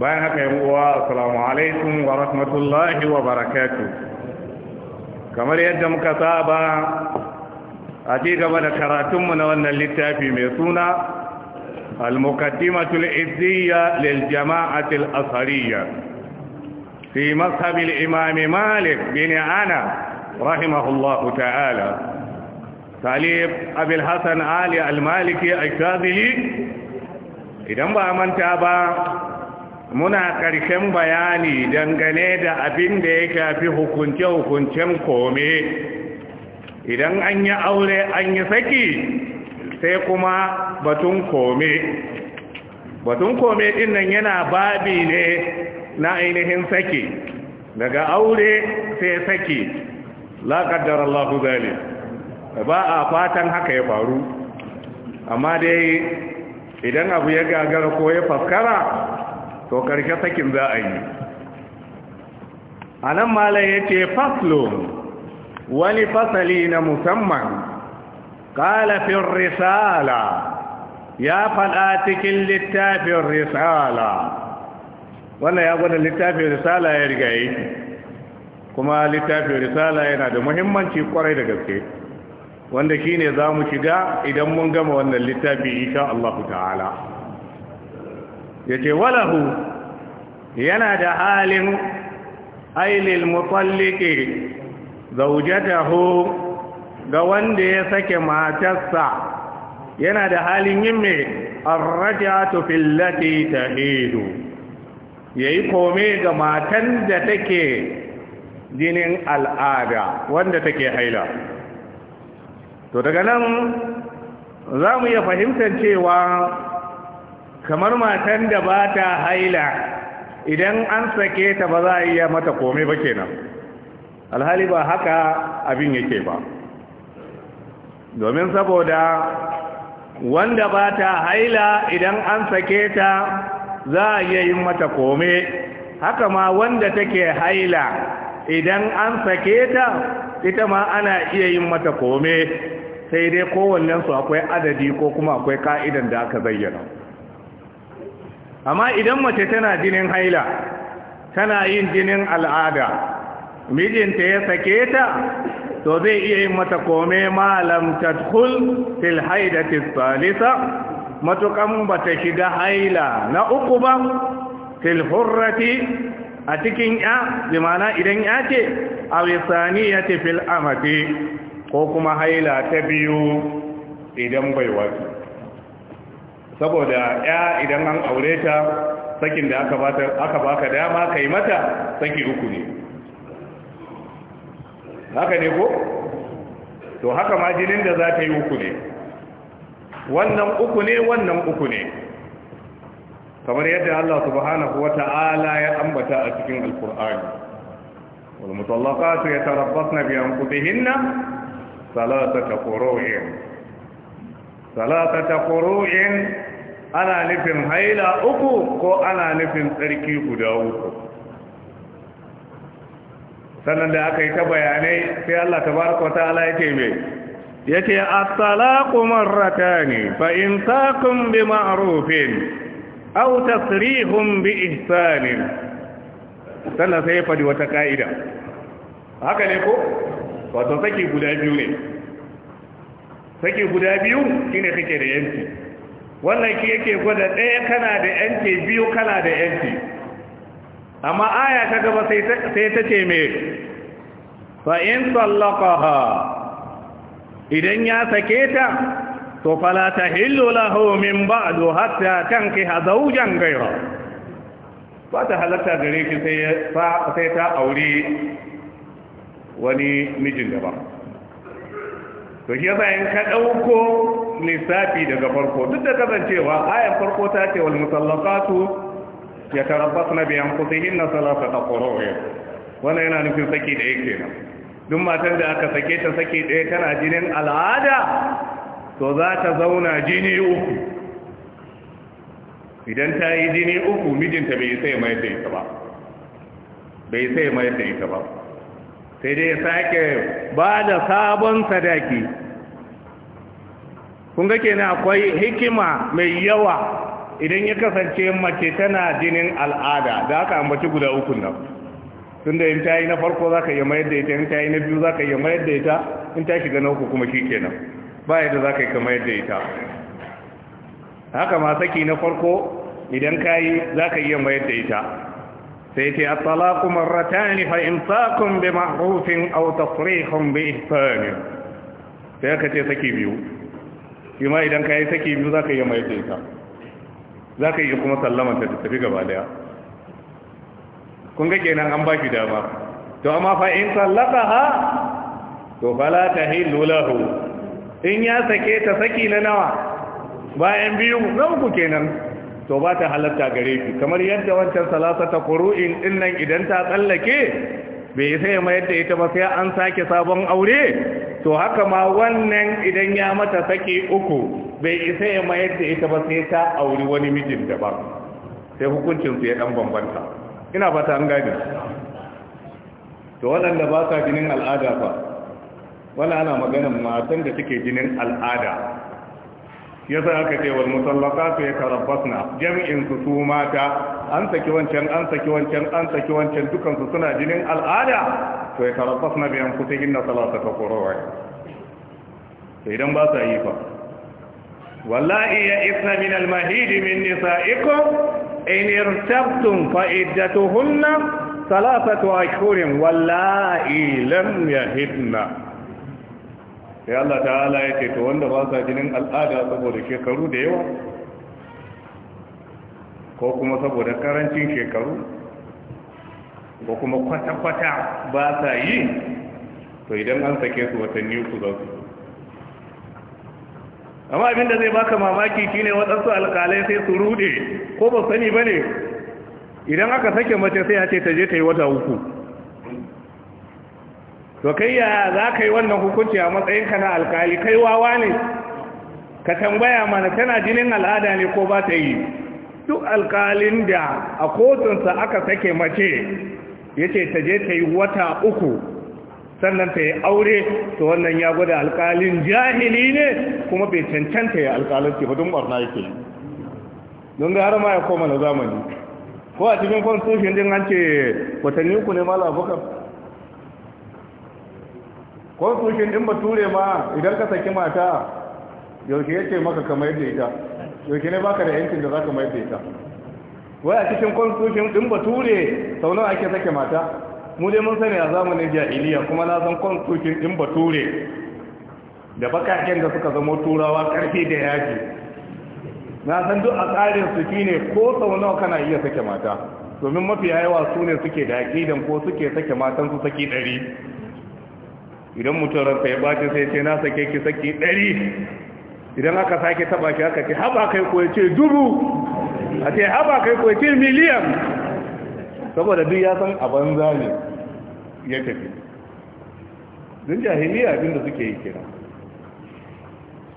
بانك يا السلام عليكم ورحمة الله وبركاته كما ليجد مكتابا أتيك ونكراتم ونوانا للتافي ميتونا المقدمة العزية للجماعة الأصرية في مصحب الإمام مالك بن أنا رحمه الله تعالى طالب أبي الحسن علي المالكي أشاذلي إذا ما أمنت أبا muna ƙarshen bayani dangane da abin da ya shafi hukunce-hukuncen kome idan an yi aure an yi saki sai kuma batun kome batun kome ɗinnan nan yana babi ne na ainihin saki daga aure sai saki la ƙaddar Allah zalim ba a fatan haka ya faru amma dai idan abu ya gagara ko ya faskara to karshe sakin za a yi a nan malai ya ce faslo wani fasali na musamman kalafin risala ya faɗa cikin littafin risala wannan ya gwada littafin risala ya riga yake kuma littafin risala yana da muhimmanci kwarai da gaske wanda shine za mu shiga idan mun gama wannan littafi insha Allah ta'ala yace walahu yana da halin ailil mutalliki zaujatahu ga wanda ya sake matarsa yana da halin yin mai arrajatu fillati tahidu yayi kome ga matan da take jinin al'ada wanda take haila to daga nan za mu iya fahimtar cewa kamar matan da ba ta haila idan an sake ta ba za a iya mata komai ba kenan alhali ba haka abin yake ba domin saboda wanda ba ta haila idan an sake ta za a iya yin mata kome, haka ma wanda take haila idan an sake ta ita ma ana iya yin mata kome sai dai kowannensu akwai adadi ko kuma akwai ka'idan da aka zayyana amma idan mace tana jinin haila tana yin jinin al'ada mijinta ya sake ta to zai iya yin mata kome malam tadkhul fil haidati salisa matukan bata shiga haila na uku ba fil hurrati a cikin ya zimana idan ya ce a wisaniyati fil amati ko kuma haila ta biyu idan bai wasu saboda ya idan an aure ta sakin da aka bata aka baka dama kai mata saki uku ne haka ne ko to haka ma jinin da za ta yi uku ne wannan uku ne wannan uku ne kamar yadda Allah subhanahu wata'ala ya ambata a cikin alkur'ani wal mutallaqatu yatarabbasna bi anfusihinna salasata qurun salasata qurun ana nufin haila uku ko ana nufin tsarki guda uku sannan da aka yi ta bayanai sai Allah ta baraka wa ta'ala yake me yake at-talaqu marratani fa in taqum bi ma'rufin aw tasrihum bi ihsanin sannan sai ya fadi wata ka'ida haka ne ko wato saki guda biyu ne saki guda biyu shine kake da yanki? wannan ki yake gwada ɗaya kana da yanki biyu kana da yanki amma aya ta gaba sai ta ce mai fa'in tsallaka idan ya sake ta to falata hillu lahu min ba'du hatta tanki zaujan gaira ba ta halatta gare ki sai ta auri wani mijin gaba to shi yasa in ka ɗauko lissafi daga farko duk da kasancewa ayar farko ta ce wal musallaqatu yatarabbasna bi anfusihinna salasa qurun wannan yana nufin saki da yake nan duk matan da aka sake ta saki ɗaya tana jinin al'ada to za ta zauna jini uku idan ta yi jini uku mijinta bai sai mai da ita ba bai sai mai da ita ba sai dai sake ba da sabon sadaki kun ga kenan akwai hikima mai yawa idan ya kasance mace tana jinin al'ada da aka ambaci guda uku nan tun da in ta yi na farko za ka iya mayar da ita in ta yi na biyu za ka iya mayar da ita in ta shiga na uku kuma shi kenan ba yadda za ka yi ka mayar da ita haka ma saki na farko idan ka yi za ka iya mayar da ita sai ce at-talaqu marratan fa imsakun bi ma'rufin aw tasrihun bi ihsan sai ka ce saki biyu shi idan ka yi saki biyu za ka yi mai za ka yi kuma sallama ta tafi gaba daya kun ga kenan an ba shi dama to amma fa in sallaka ha to fala ta hillu lahu in ya sake ta saki na nawa bayan biyu na uku kenan to ba ta halatta gare shi kamar yadda wancan salasa ta kuru'in din nan idan ta tsallake bai isa ya mayar da ita ba sai an sake sabon aure to haka ma wannan idan ya mata saki uku bai isa ya mayar da ita ba sai ta auri wani mijin daban sai hukuncin su ya dan bambanta ina fata an gane to waɗanda ba sa jinin al'ada fa wani ana maganar matan da suke jinin al'ada yasa aka ce wal musallaqatu yatarabbasna jam'in su su mata an saki wancan an saki wancan an saki wancan dukansu suna jinin al'ada to ya tarabbas na biyan kusa hinna salata ta kurowa to idan ba sa yi fa wallahi ya isa min al-mahidi min nisa'ikum in irtabtum fa iddatuhunna salatatu ashhurin wallahi lam yahidna sai Allah ta'ala ya ce to wanda ba sa jinin al'ada saboda shekaru da yawa ko kuma saboda karancin shekaru ko kuma kwata-kwata ba sa yi to idan an sake su watanni uku za su amma da zai baka mamaki shine waɗansu alkalai sai su rude ko ba sani ba ne idan aka sake mace sai a ce ta je ta yi wata uku to kai ya za ka yi wannan hukunci a matsayin ka na alkali kai wawa ne ka tambaya mana tana jinin al'ada ne ko ba ta yi duk alkalin da a kotunsa aka sake mace ya ce ta je ta yi wata uku sannan ta yi aure to wannan ya gwada alkalin jahili ne kuma bai cancanta ya alkalin ba hudun barna yake don da har ma ya koma na zamani ko a cikin constitution din an ce watanni ku ne mala abokan constitution din bature ma idan ka saki mata yaushe ce maka kamar yadda ita yauke ne baka da yankin da za ka maife ta wai a cikin ɗin ba bature sau nawa ake sake mata mu dai mun sani a zamanin jahiliya kuma na san ɗin ba bature da bakaken da suka zama turawa karfi da yaji na san duk a tsarin su shine ko sau nawa kana iya sake mata domin mafi yawa su ne suke da aƙidan ko suke sake matan su saki ɗari idan mutum ranta ya bace sai ce na sake ki saki ɗari idan aka sake taba ki aka ce haba kai ko yace dubu a ce haba kai ko yace miliyan saboda duk ya san abin banza ne ya tafi dun jahiliya din da suke yi kira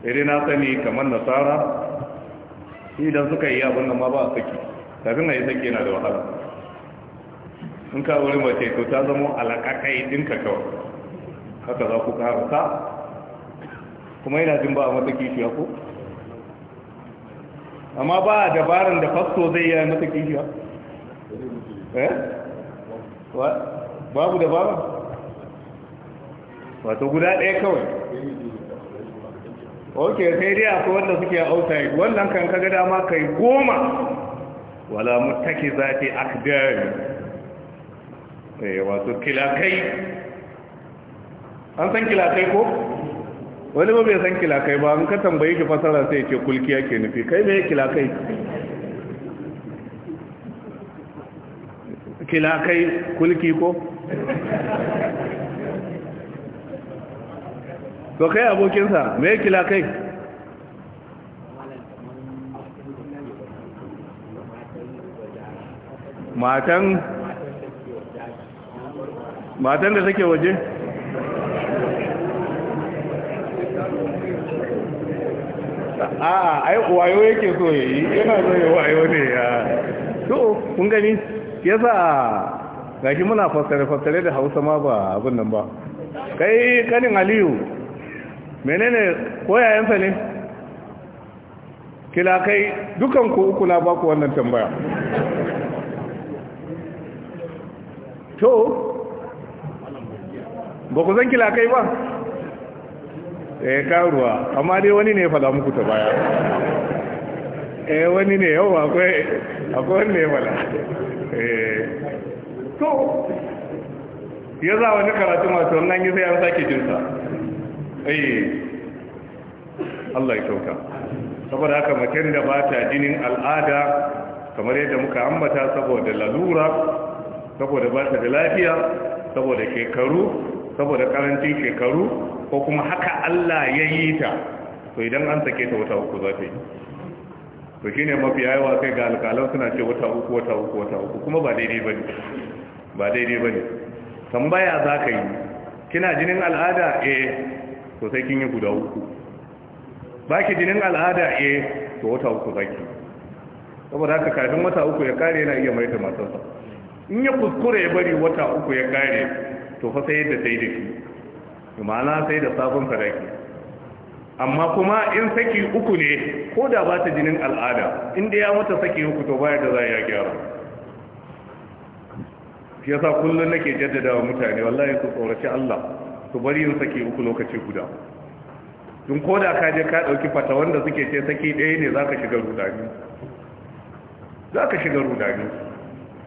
irin na sani kamar nasara idan suka yi abin nan ma ba a saki kafin a yi saki yana da wahala in ka wuri mace to ta zama alaƙaƙai ɗinka kawai haka za ku ƙarasa kuma yana jin ba a mata kishiya ko amma ba a dabaran da fasto zai yi mata kishiya eh Wa babu dabara wato guda ɗaya kawai ok sai dai akwai wanda suke a outside wannan kan kaga dama kai goma wala mutaki zati akdari eh wato kilakai an san kilakai ko wani ba bai san kilakai ba an ka tambayi ki fasara sai ce kulkiya ke nufi kai mai kilakai kilakai kulki ko to kai abokinsa mai kilakai matan matan da take waje kansa a'a ai wayo yake so ya yi yana so ya wayo ne ya to kun gani yasa gashi muna fassare fassare da Hausa ma ba abin nan ba kai kanin Aliyu menene koyayensa ne kila kai dukan ku uku na baku wannan tambaya to ba ku zan kila kai ba eh karuwa amma dai wani ne fada muku ta baya eh wani ne yau akwai akwai wani ne fada eh to ya za wani karatu masu wannan yi sai an sake jinsa eh Allah ya kyauta saboda haka makin da ba ta jinin al'ada kamar yadda muka ambata saboda lalura saboda ba ta da lafiya saboda shekaru saboda karancin shekaru ko kuma haka Allah ya yi ta to idan an sake ta wata uku za ta yi to shi ne mafi yawa sai ga alƙalan suna ce wata uku wata uku wata uku kuma ba daidai ba ne ba daidai ba ne tambaya za ka yi kina jinin al'ada eh to sai kin yi guda uku ba ki jinin al'ada eh to wata uku za ki saboda haka kafin wata uku ya kare yana iya mai da in ya kuskure ya bari wata uku ya kare to fa sai yadda sai da shi ma'ana sai da sabon sadaki amma kuma in saki uku ne ko da ba ta jinin al'ada inda ya mata saki uku to bayar da za ya gyara shi yasa kullum nake jaddada wa mutane wallahi su tsoraci Allah su bari yin saki uku lokaci guda tun ko da ka je ka ɗauki fata wanda suke ce saki ɗaya ne za ka shiga rudani za ka shiga rudani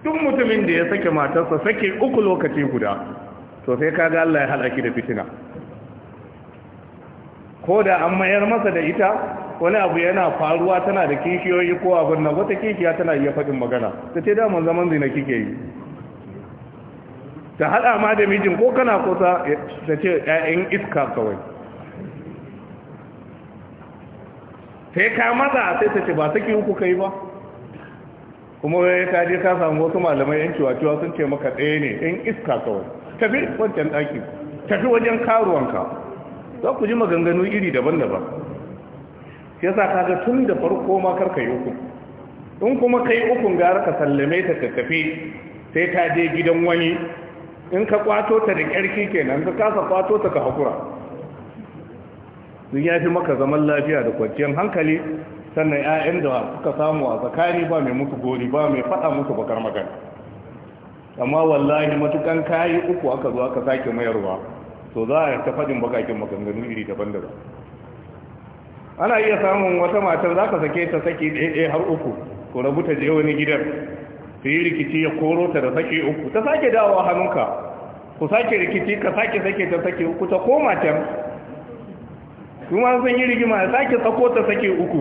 duk mutumin da ya sake matarsa sake uku lokaci guda to sai kaga Allah ya halaki da fitina ko da an mayar masa da ita wani abu yana faruwa tana da kishiyoyi ko abin nan wata kishiya tana iya faɗin magana ta ce daman zaman zina kike yi ta haɗa ma da mijin ko kana kusa ta ce ‘ya'yan iska kawai sai ka maza sai ta ce ba saki uku kai ba kuma ya ka je ka samu wasu malamai ‘yan ciwa sun ce maka ɗaya ne ‘yan iska kawai tafi wancan daki, tafi wajen karuwanka za ku ji maganganu iri daban-daban ya sa kaga tun da farko ma karka yi uku in kuma kai ukun gara ka sallame ta ka tafi sai ta je gidan wani in ka kwato ta da ƙarfi kenan ka kasa kwato ta ka haƙura duk ya fi maka zaman lafiya da kwanciyar hankali sannan 'ya'yan da suka samu a tsakani ba mai musu gori ba mai faɗa musu bakar magana amma wallahi matukan kayi uku aka zo aka sake mayarwa to za a ta faɗin bakakin maganganu iri daban-daban ana iya samun wata matar za ka sake ta sake ɗaya har uku ko rabu ta je wani gidan su yi rikici ya koro ta da sake uku ta sake dawowa hannunka ku sake rikici ka sake sake ta sake uku ta koma can kuma sun yi rigima ya sake tsako ta sake uku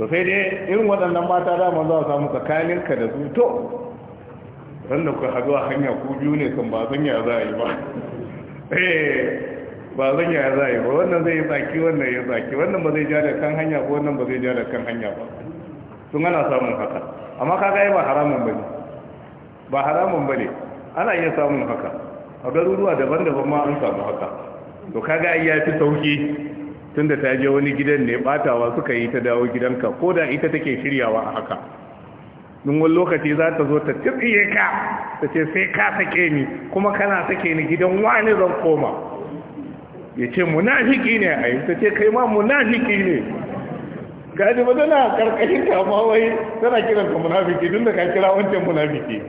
to sai dai irin waɗannan mata da za a samu tsakaninka da su to ran da ku haɗu a hanya ku biyu ne kan ba zan ya za a yi ba eh, ba zan ya za a yi ba wannan zai yi tsaki wannan ya tsaki wannan ba zai ja da kan hanya ba wannan ba zai ja da kan hanya ba sun ana samun haka amma kaga ga ba haramun bane ba haramun bane ana iya samun haka a garuruwa daban-daban ma an samu haka to kaga ga ya fi sauki tunda ta je wani gidan ne batawa suka yi ta dawo gidanka ko da ita take shiryawa a haka in wani lokaci za ta zo ta tsiye ka ta ce sai ka sake ni kuma kana sake ni gidan wani zan koma ya ce munafiki ne a yi ta ce kai ma munafiki ne gaji ba zana karkashin kama wai tana kiran ka munafiki tun da ka kira wancan munafiki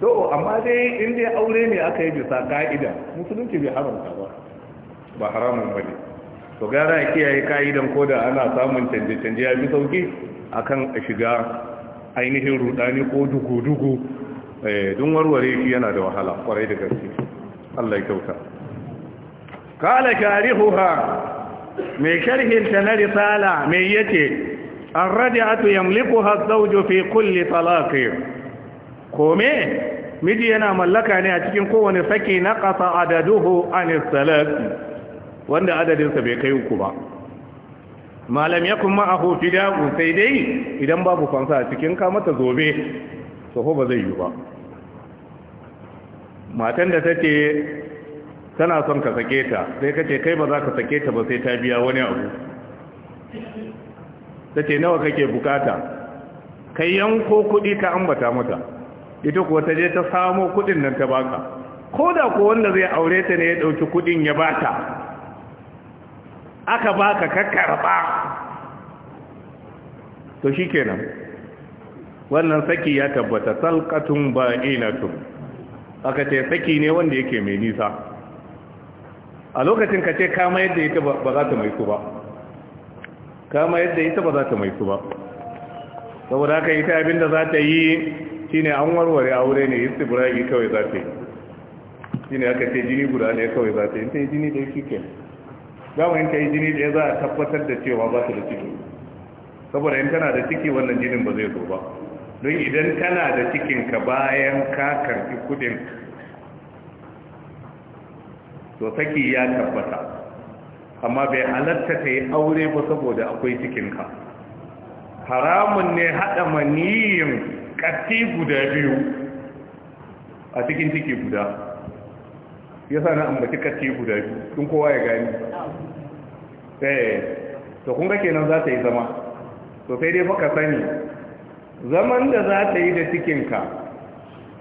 to amma dai inda ya aure ne aka yi bisa ka'ida musulunci bai haramta ba ba haramun ba ne to gara a kiyaye ka'idan ko da ana samun canje-canje ya fi sauki akan a shiga ainihin rudani ko dugu-dugu don warware shi yana da wahala kwarai da gaske Allah ya kyauta kala sharihuha mai sharhin ta na risala mai yace an radi'atu yamlikuha zawju fi kulli talaqi kome miji yana mallaka ne a cikin kowane saki na qata adaduhu anis salati wanda adadinsa bai kai uku ba malam a ma'ahu fida'u sai dai idan babu fansa a cikin ka mata zobe soho ba zai yi ba matan da ta ce tana son ka sake ta sai ka ce kai ba za ka sake ta ba sai ta biya wani abu Ta ce nawa kake bukata kai yanko kudi ka ambata mata ita kuwa ta je ta samo kudin nan ta baka ko da ku wanda zai aure ta ne ya dauki kudin ya bata aka baka ka karba to shikenan wannan saki ya tabbata talqatun ba'inatun aka ce saki ne wanda yake mai nisa a lokacin ka ce kama yadda ita ba za ta mai su ba kama yadda ita ba za ta mai su ba saboda haka ita abinda za ta yi shine an warware aure ne tsibirai kawai za ta yi shine aka ce jini guda ne kawai za ta yi yi jini da shi kenan za mu yanka yi jini ɗaya za a tabbatar da cewa ba su da ciki saboda in tana da ciki wannan jinin ba zai zo ba don idan tana da cikin ka bayan ka karfi kudin to saki ya tabbata amma bai halatta ta yi aure ba saboda akwai cikinka haramun ne haɗa maniyin ƙarfi guda biyu a cikin ciki guda ya na ambaci ƙarfi guda biyu tun kowa ya gani eh to kun ga kenan za ta yi zama to sai dai baka sani zaman da za ta yi da cikinka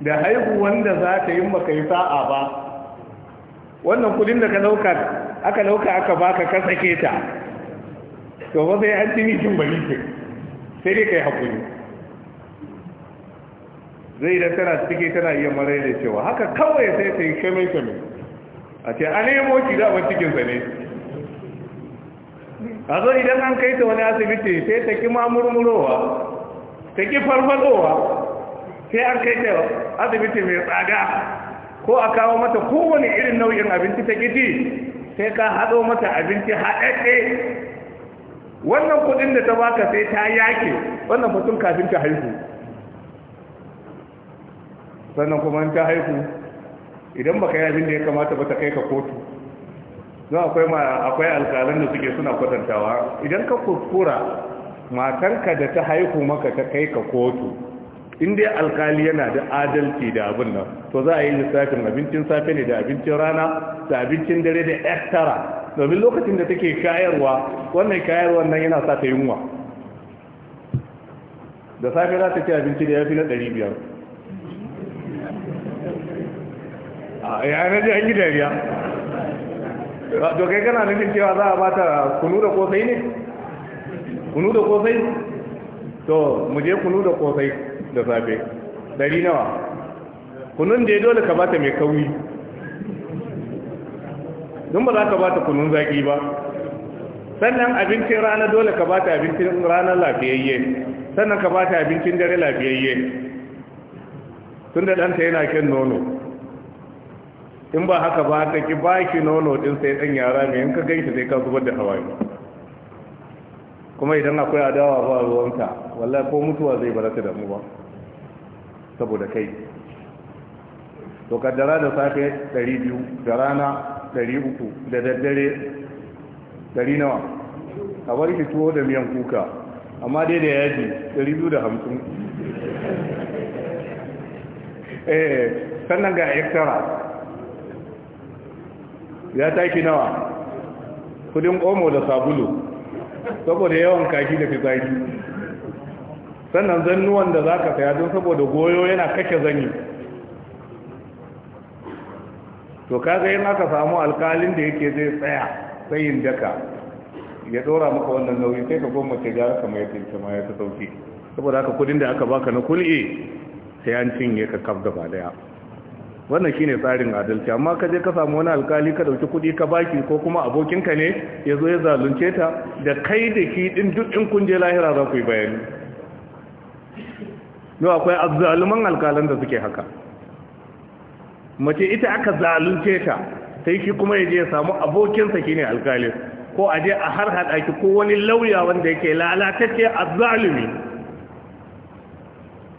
da haihuwan da za ta yi maka yi sa'a ba wannan kudin da ka lauka aka lauka aka baka ka sake ta to ba sai an tini jin bari ce sai dai kai hakuri zai da tana cike tana iya marar da cewa haka kawai sai ta yi kame kame a ce a nemo ki da cikinsa ne a zo idan an kai ta wani asibiti sai ta ki mamurmurowa ta ki farfadowa sai an kai ta asibiti mai tsada ko a kawo mata kowane irin nau'in abinci ta gidi sai ka haɗo mata abinci haɗaɗɗe wannan kudin da ta baka sai ta yake wannan mutum kafin ta haihu sannan kuma ta haihu idan baka yi abin da ya kamata ba ta kai ka kotu zuwa akwai akwai alƙalan da suke suna kwatantawa idan ka kuskura matarka da ta haihu maka ta kai ka kotu in dai alkali yana da adalci da abin nan to za a yi lissafin abincin safe ne da abincin rana da abincin dare da ektara domin lokacin da take shayarwa wannan kayarwa nan yana sa ta yunwa da safe za ta ci abinci da ya fi na ɗari biyar a yanar da an yi dariya to kai kana nufin cewa za a bata kunu da kosai ne kunu da kosai to mu je kunu da kosai da safe dari nawa kunun da ya dole ka bata mai kauri don ba za ka bata kunun zaki ba sannan abincin rana dole ka bata abincin rana lafiyayye sannan ka bata abincin dare lafiyayye tun da ɗanta yana kyan nono in ba haka ba ka ki ba shi nono din sai dan yara ne in ka gaishe sai ka zubar da hawaye kuma idan akwai adawa ba ruwanka wallahi ko mutuwa zai barata da mu ba saboda kai to kaddara da safe 200 da rana 300 da daddare 100 nawa a bar shi tuwo da miyan kuka amma dai da yaji 250 eh sannan ga extra ya taki nawa kudin omo da sabulu saboda yawan kaki da fitsaki sannan zannuwan da za ka saya don saboda goyo yana kake zanyi to kaga yana ka samu alkalin da yake zai tsaya tsayin daka ya dora maka wannan nauyi sai ka goma gwamnati gara kama ya tinta ma ya ta sauki saboda haka kudin da aka baka na kul'i sai an cinye ka kaf gaba daya wannan shine tsarin adalci amma ka je ka samu wani alkali ka dauki kudi ka baki ko kuma abokinka ne ya zo ya zalunce ta da kai da ki din duk in kun je lahira za ku yi bayani yau akwai azzaluman alkalan da suke haka mace ita aka zalunce ta sai shi kuma ya je ya samu abokinsa shine alkali ko a je a har ki ko wani lauya wanda yake lalatacce azzalumi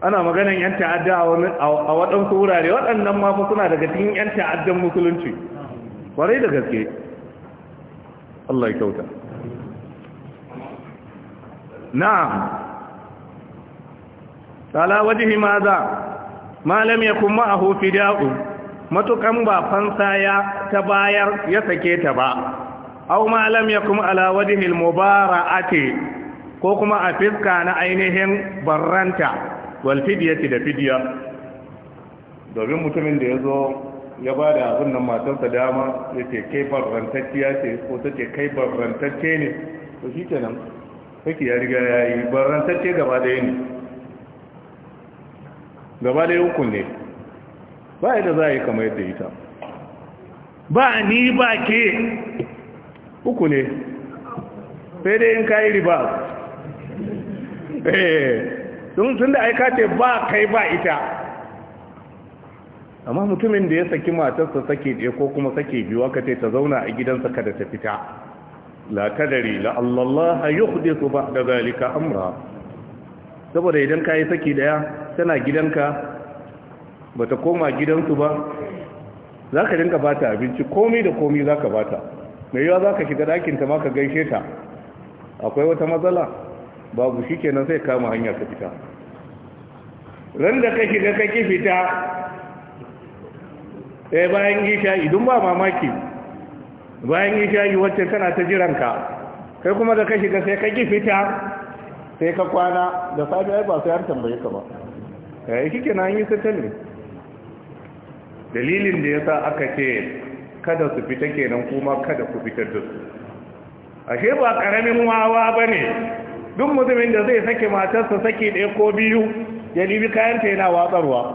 ana maganan yan ta'adda a waɗansu wurare waɗannan ma suna daga cikin yan ta'addan musulunci kwarai da gaske Allah ya kyauta na'am ala wajihi ma za ma lam yakun ma'ahu matukan ba fansa ya ta bayar ya sake ta ba aw ma lam yakun ala wajhi al ko kuma a fiska na ainihin barranta walfidiyati da fidiya domin mutumin da ya zo ya ba da abin nan matarsa dama ya ce kai barrantacciya ce ko ta ce kai barrantacce ne to shi nan saki ya riga ya yi barrantacce gaba ɗaya ne gaba ɗaya yin ne ba yadda za a yi kama yadda ita ba ni ba ke uku ne sai dai in ka yi riba eh don tun da aika ce ba kai ba ita amma mutumin da ya saki matarsa sake ɗaya ko kuma sake biyu aka ce ta zauna a gidansa kada ta fita la kadari la allallaha yuhdithu ba'da zalika amra saboda idan kai saki daya tana gidanka ba ta koma gidansu ba Za ka dinka ta abinci komai da komai ba ta. mai yawa ka shiga dakin ta ma ka gaishe ta akwai wata matsala babu kenan sai kama hanya ka fita ran da ka shiga ka ki fita sai bayan isha'i don ba mamaki bayan yi wacce tana ta jiranka kai kuma da ka shiga sai ka ki fita sai ka kwana da safi ai ba sai har tambaye ka ba eh kike na yi ne. dalilin da yasa aka ce kada su fita kenan kuma kada ku fitar da su ashe ba karamin wawa bane duk mutumin da zai sake matarsa sake ɗaya ko biyu ya nemi kayanta yana watsarwa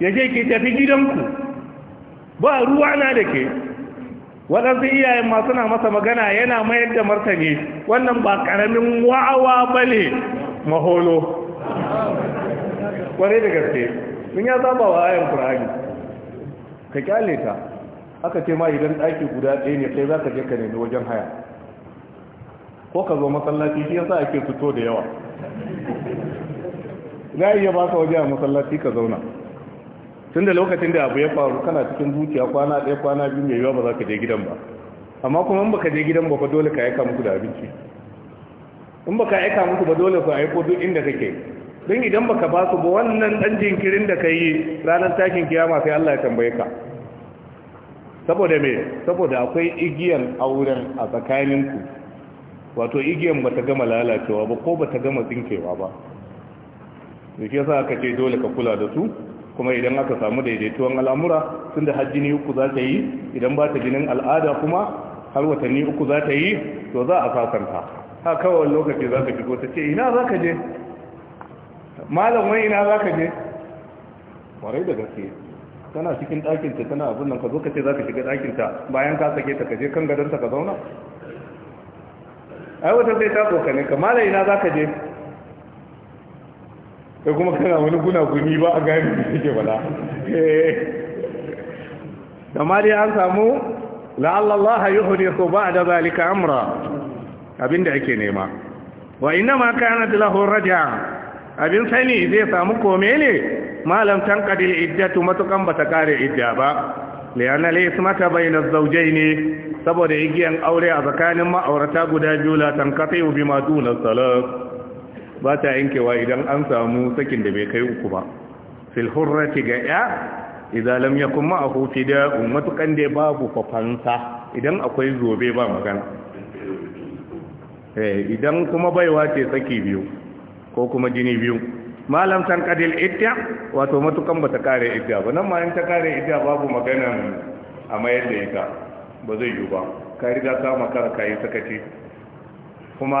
ya ce ke tafi gidanku ba ruwa na da ke waɗansu iyayen masu na masa magana yana mayar da martani wannan ba ƙaramin wa'awa ba ne maholo ƙwarai da gaske sun ya zaba wa ayan ƙura'ani ka kyale ta aka ce ma idan ɗaki guda ɗaya ne sai za ka je ka nemi wajen haya ko ka zo masallaci shi yasa ake fito da yawa za a iya ka waje a masallaci ka zauna tun da lokacin da abu ya faru kana cikin zuciya kwana ɗaya kwana biyu mai yiwa ba za ka je gidan ba amma kuma in baka je gidan ba fa dole ka aika muku da abinci in baka aika muku ba dole ku aiko duk inda kake don idan baka ba su ba wannan dan jinkirin da ka yi ranar takin kiyama sai Allah ya tambaye ka saboda me saboda akwai igiyan auren a tsakaninku wato igiyan bata gama lalacewa ba ko bata gama tsinkewa ba da shi yasa aka ce dole ka kula da su kuma idan aka samu daidaituwan al'amura tun da ne uku za ta yi idan ba ta jinin al'ada kuma har watanni uku za ta yi to za a sasanta ha kawai lokaci za ka shigo ta ce ina za ka je malam wai ina za ka je Kwarai da gaske tana cikin ɗakinta tana abin nan ka zo ka ce za ka shiga ɗakinta bayan ka sake ta ka je kan gadonta ka zauna ai wata sai ta tsokane ka malam ina za ka je kai kuma kana wani gunaguni ba a gani da suke bala da eh. ma dai an samu la'allallaha yuhdithu ba'da zalika amura. abinda ake nema wa ina inma kanat lahu raja abin sani zai samu kome ne malam tanqadi al-iddatu matukan ta kare idda ba liana al-ismata bayna zaujai ne. saboda igiyan aure a tsakanin ma'aurata guda biyu la tanqati bima duna salat ba ta yankewa idan an samu sakin da bai kai uku ba fil hurrati ga ya idan lam yakun ma'ahu fida'un matukan da babu fafansa idan akwai zobe ba magana eh idan kuma baiwa ce saki biyu ko kuma jini biyu malam san kadil idda wato matukan ta kare idda ba nan ma in ta kare idda babu magana a mayar da ita ba zai yi ba ka riga ka maka ka yi sakaci kuma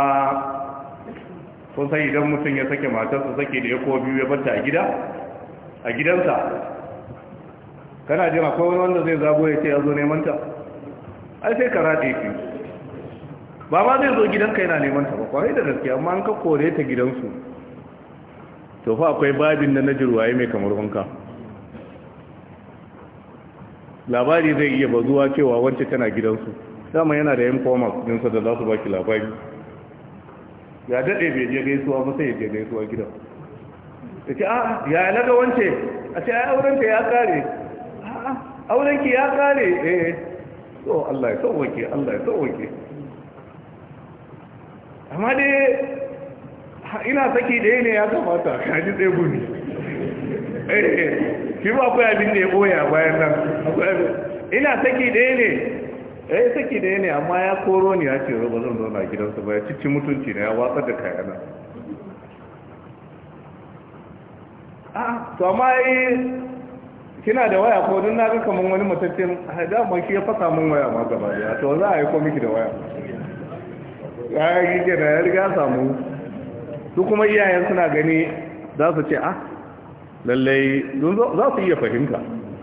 kun sai idan mutum ya sake matarsa sake da ya kowa biyu ya banta a gida a gidansa kana jin akwai wani wanda zai zago ya ce ya zo neman ta ai sai ka rade ki ba ma zai zo gidanka yana neman ta ba kwarai da gaske amma an ka kore ta gidansu to fa akwai babin da na jirwaye mai kamar wanka labari zai iya bazuwa cewa wancan tana gidansu dama yana da yan format dinsa da za su baki labari ya daɗe bai je gaisuwa ba sai ya je gaisuwa gidan ya ce a'a ya laga wance a ce ai ka ya kare a'a aurenki ya kare eh to Allah ya sauwake Allah ya sauwake amma dai ina saki ɗaya ne ya kamata ka ji tsaye gumi eh shi ba akwai abin da ya boya bayan nan akwai abin ina saki ɗaya ne eh saki da yanayi amma ya koro ni ya ce ba zan zauna a gidansa ba ya cici mutunci na ya watsar da kayana a to amma yi kina da waya ko don naga kamar wani matattin haida ma shi ya fasa mun waya ma gaba da to za a yi ko miki da waya ya yi gina ya riga samu su kuma iyayen suna gani za su ce ah lallai za su iya fahimta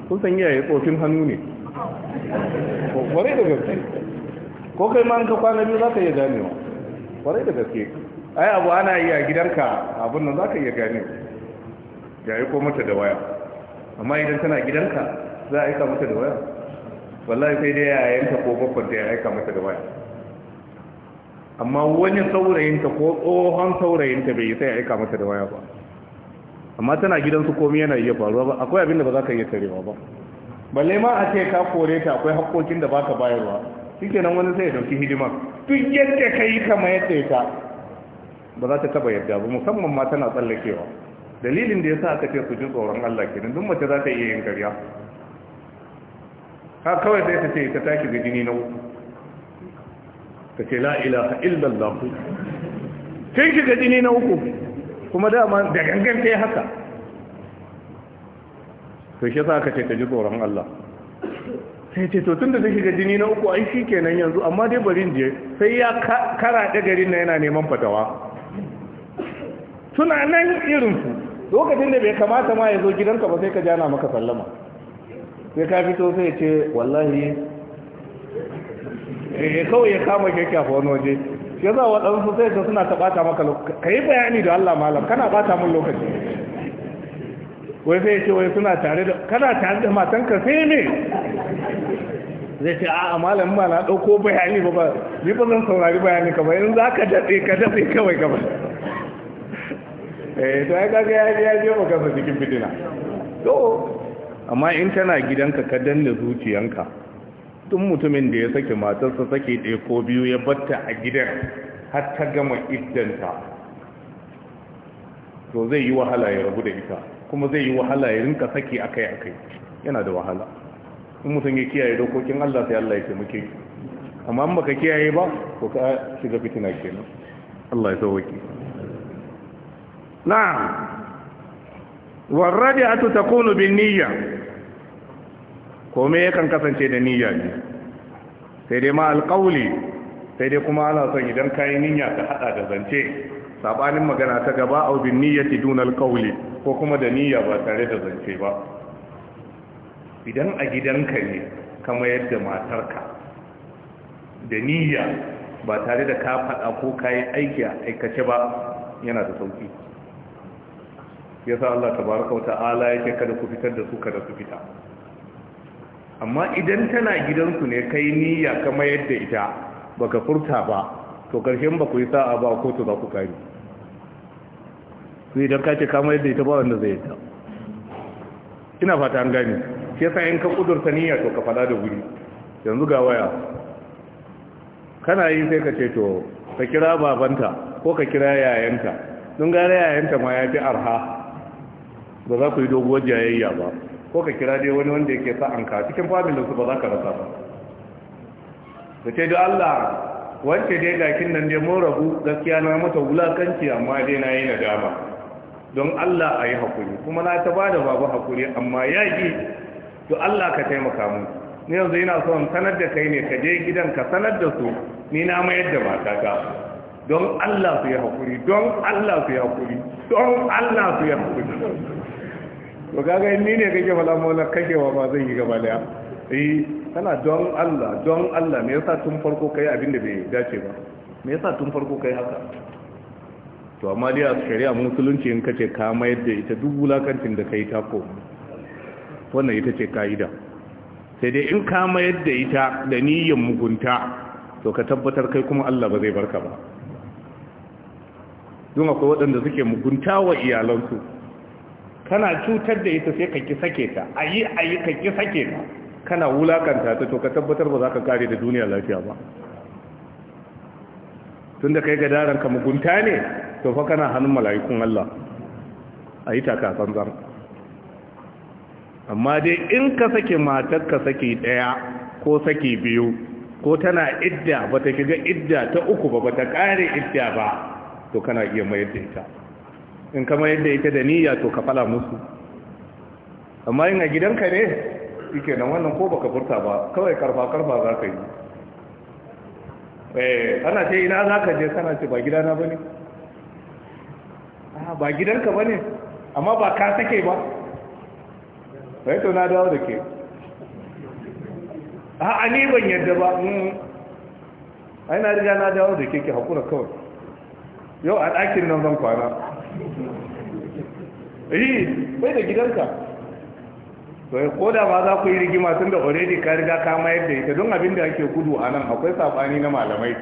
sun san iyaye tsofin hannu ne kwarai da gaske ko kai ma an ka kwana biyu za ka iya ganewa kwarai da gaske ai abu ana iya gidanka abin nan za ka iya ganewa ya yi ko mata da waya amma idan tana gidanka za a aika mata da waya wallahi sai dai yayanta ko da ya aika mata da waya amma wani saurayinta ko tsohon saurayinta bai yi sai aika mata da waya ba amma tana gidansu komi yana iya faruwa ba akwai abin da ba za ka iya tarewa ba balle ma a ce ka kore ta akwai haƙoƙin da baka bayarwa shike nan wani sai ya dauki hidima duk yadda ka yi kama yadda ya ta ba za ta taba yadda ba musamman ma tana tsallakewa dalilin da ya sa aka ce su ji tsoron Allah kenan duk mace za ta iya yin karya ha kawai sai ta ce ta tashi ga jini na uku ta ce la ilaha illallah sai ki ga jini na uku kuma dama da gangan yi haka to shi yasa aka ce ka ji tsoron Allah sai ce to tun da ta ga jini na uku ai shi kenan yanzu amma dai barin je sai ya karaɗe garin na yana neman fatawa suna nan su, lokacin da bai kamata ma ya zo gidanka ba sai ka jana maka sallama sai ka fito sai ce wallahi eh kawai ya kama kyakkyafa wani waje ya za waɗansu sai ka suna ta bata maka lokaci ka yi bayani da Allah malam kana ɓata min lokaci wai sai ce wai suna tare da kana tare da matanka sai ne zai ce a malam ba na dauko bayani ba ni ba zan saurari bayani ka bayan za ka daɗe ka daɗe kawai gaba eh to ya kaga ya ya ji ba kasa cikin fitina to amma in tana gidanka ka danna zuciyanka tun mutumin da ya sake matarsa sake ɗaya ko biyu ya batta a gidan har ta gama iddanta to zai yi wahala ya rabu da ita kuma zai yi wahala ya rinka saki akai akai yana da wahala in mutum ya kiyaye dokokin Allah sai Allah ya taimake ki amma in baka kiyaye ba ko ka shiga fitina kenan Allah ya sauke na'am warradi'atu takunu bin niyya kome yakan kasance da niyya ne sai dai ma alqauli sai dai kuma ana son idan kai niyya ka hada da zance sabanin magana ta gaba au bin niyyati dun alqawli ko kuma da niyya ba tare da zance ba idan a gidanka ne kama yadda matarka da niyya ba tare da ka faɗa ko ka yi aiki a aikace ba yana da sauki ya sa Allah Ta baraka wa ta'ala yake kada ku fitar da su kada su fita amma idan tana gidansu ne kai niyya kama yadda ita baka furta ba to karshen ba ku yi sa'a ba ko to za ku kari to idan ka ce kama yadda ita ba wanda zai ta ina fata an gani shi yasa in ka kudurta niyya to ka fada da wuri yanzu ga waya kana yi sai ka ce to ka kira babanta ko ka kira yayanta don gare yayanta ma ya fi arha ba za ku yi doguwar jayayya ba ko ka kira dai wani wanda yake sa'anka cikin da su ba za ka rasa ba da ce da Allah wance dai gakin nan dai mun rabu gaskiya na mata wulakanci amma dai na yi nadama don Allah a yi haƙuri kuma na ta ba da babu haƙuri amma ya yi to Allah ka taimaka mu ni yanzu ina so in sanar da kai ne ka je gidan ka sanar da su ni na mayar da matata don Allah su yi haƙuri don Allah su yi haƙuri don Allah su yi haƙuri to kaga ni ne kake fala mola kake wa ba zan yi gaba daya eh kana don Allah don Allah me yasa tun farko kai abin da bai dace ba me yasa tun farko kai haka to amma dai a shari'a musulunci in kace ka mayar da ita duk wulakancin da kai ta ko wannan ita ce ka'ida sai dai in ka mayar da ita da niyyar mugunta to ka tabbatar kai kuma Allah ba zai barka ba don akwai waɗanda suke mugunta wa iyalansu kana cutar da ita sai ka ki sake ta ayi ayi ka ki sake ta kana wulakanta ta to ka tabbatar ba za ka kare da duniya lafiya ba tun da kai ga daren ka mugunta ne to fa kana hannun mala'ikun Allah a yi taka tsantsan amma dai in ka sake matar ka sake ɗaya ko sake biyu ko tana idda ba ta shiga idda ta uku ba ba ta ƙare idda ba to kana iya mayar da ita in ka mayar da ita da niyya to ka fala musu amma yin a gidanka ne ike nan wannan ko baka furta ba kawai karfa-karfa za ka yi eh, ana ce ina za ka je sana ce ba gidana ba ne ba gidanka ba ne amma ba ka sake ba bai to na dawo da ke a ni ban yadda ba mm, mm. ai na riga na dawo da ke ki haƙura kawai yau a ɗakin nan zan kwana yi eh, bai da gidanka ko da ma za ku yi rigima tun da already ka riga ka mayar da ita don abin da ake gudu a nan akwai sabani na malamai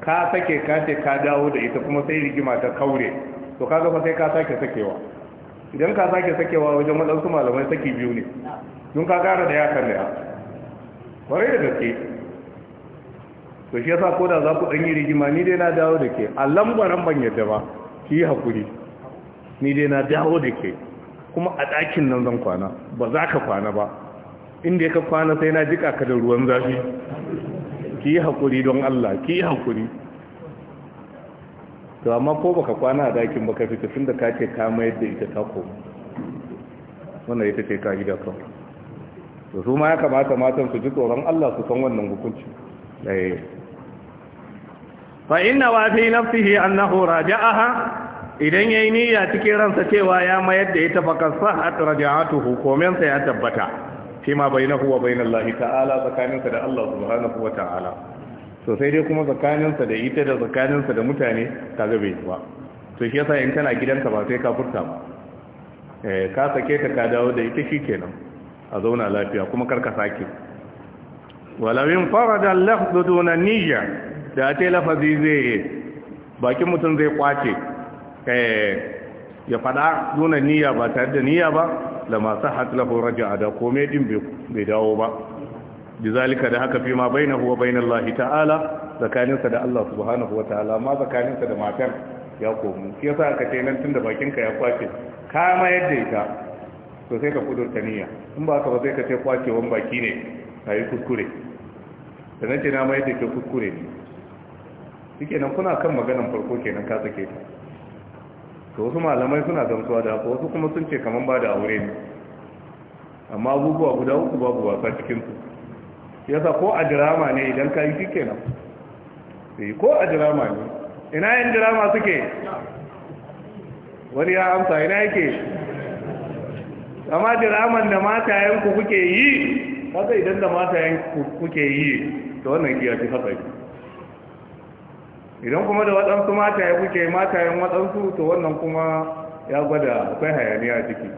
ka sake ka ce ka dawo da ita kuma sai rigima ta kaure to kaga fa sai ka sake sakewa idan ka sake sakewa wajen waɗansu malamai saki biyu ne don ka gara da ya da ya kwarai da gaske to shi yasa ko da za ku ɗanyi rigima ni dai na dawo da ke a lambaran ban yadda ba ki yi haƙuri ni dai na dawo da ke kuma a ɗakin nan zan kwana ba za ka kwana ba inda ya ka kwana sai na jika ka da ruwan zafi ki yi haƙuri don Allah ki yi haƙuri to amma ko baka kwana a dakin baka fita tun da kake ka mayar da ita ta koma wannan ita ce gida kan to su ma ya kamata matan su ji tsoron Allah su san wannan hukunci eh fa inna wa fi nafsihi annahu raja'aha idan ya yi niyya cikin ransa cewa ya mayar da ita fakar sahat raja'atuhu sai ya tabbata shi ma bainahu wa bainallahi ta'ala tsakaninka da Allah subhanahu wa ta'ala to sai dai kuma tsakaninsa da ita da tsakaninsa da mutane ta bai ba to shi yasa in kana gidanka ba sai ka furta ba eh ka sake ta ka dawo da ita shikenan a zauna lafiya kuma kar ka sake walau in farada al duna niyya da ta lafazi zai bakin mutum zai kwace eh ya fada duna niyya ba tare da niyya ba lama sahat lahu raja'a da komai din bai dawo ba bizalika da haka fi ma bainahu wa bainallahi ta'ala zakaninsa da Allah subhanahu wa ta'ala ma zakaninsa da matar ya komu shi yasa aka ce nan tunda bakinka ya kwace ka ma yadda ita to sai ka kudur niyya in ba ka ba sai ka ce kwace wan baki ne kai kuskure da ce na ma yadda ke kuskure ne shike nan kuna kan maganan farko kenan ka sake ta to wasu malamai suna gamsuwa da haka wasu kuma sun ce kaman ba da aure ne amma abubuwa guda uku babu wasa cikin su yasa ko a dirama ne idan ka yi kike nan sai eh, ko a dirama ne ina yin dirama suke wani ya amsa ina yake amma diraman da matayen ku kuke yi kasa idan da matayen ku kuke yi da wannan giya ce yi. idan kuma da waɗansu matayen kuke matayen waɗansu to wannan kuma ya gwada akwai hayaniya a ciki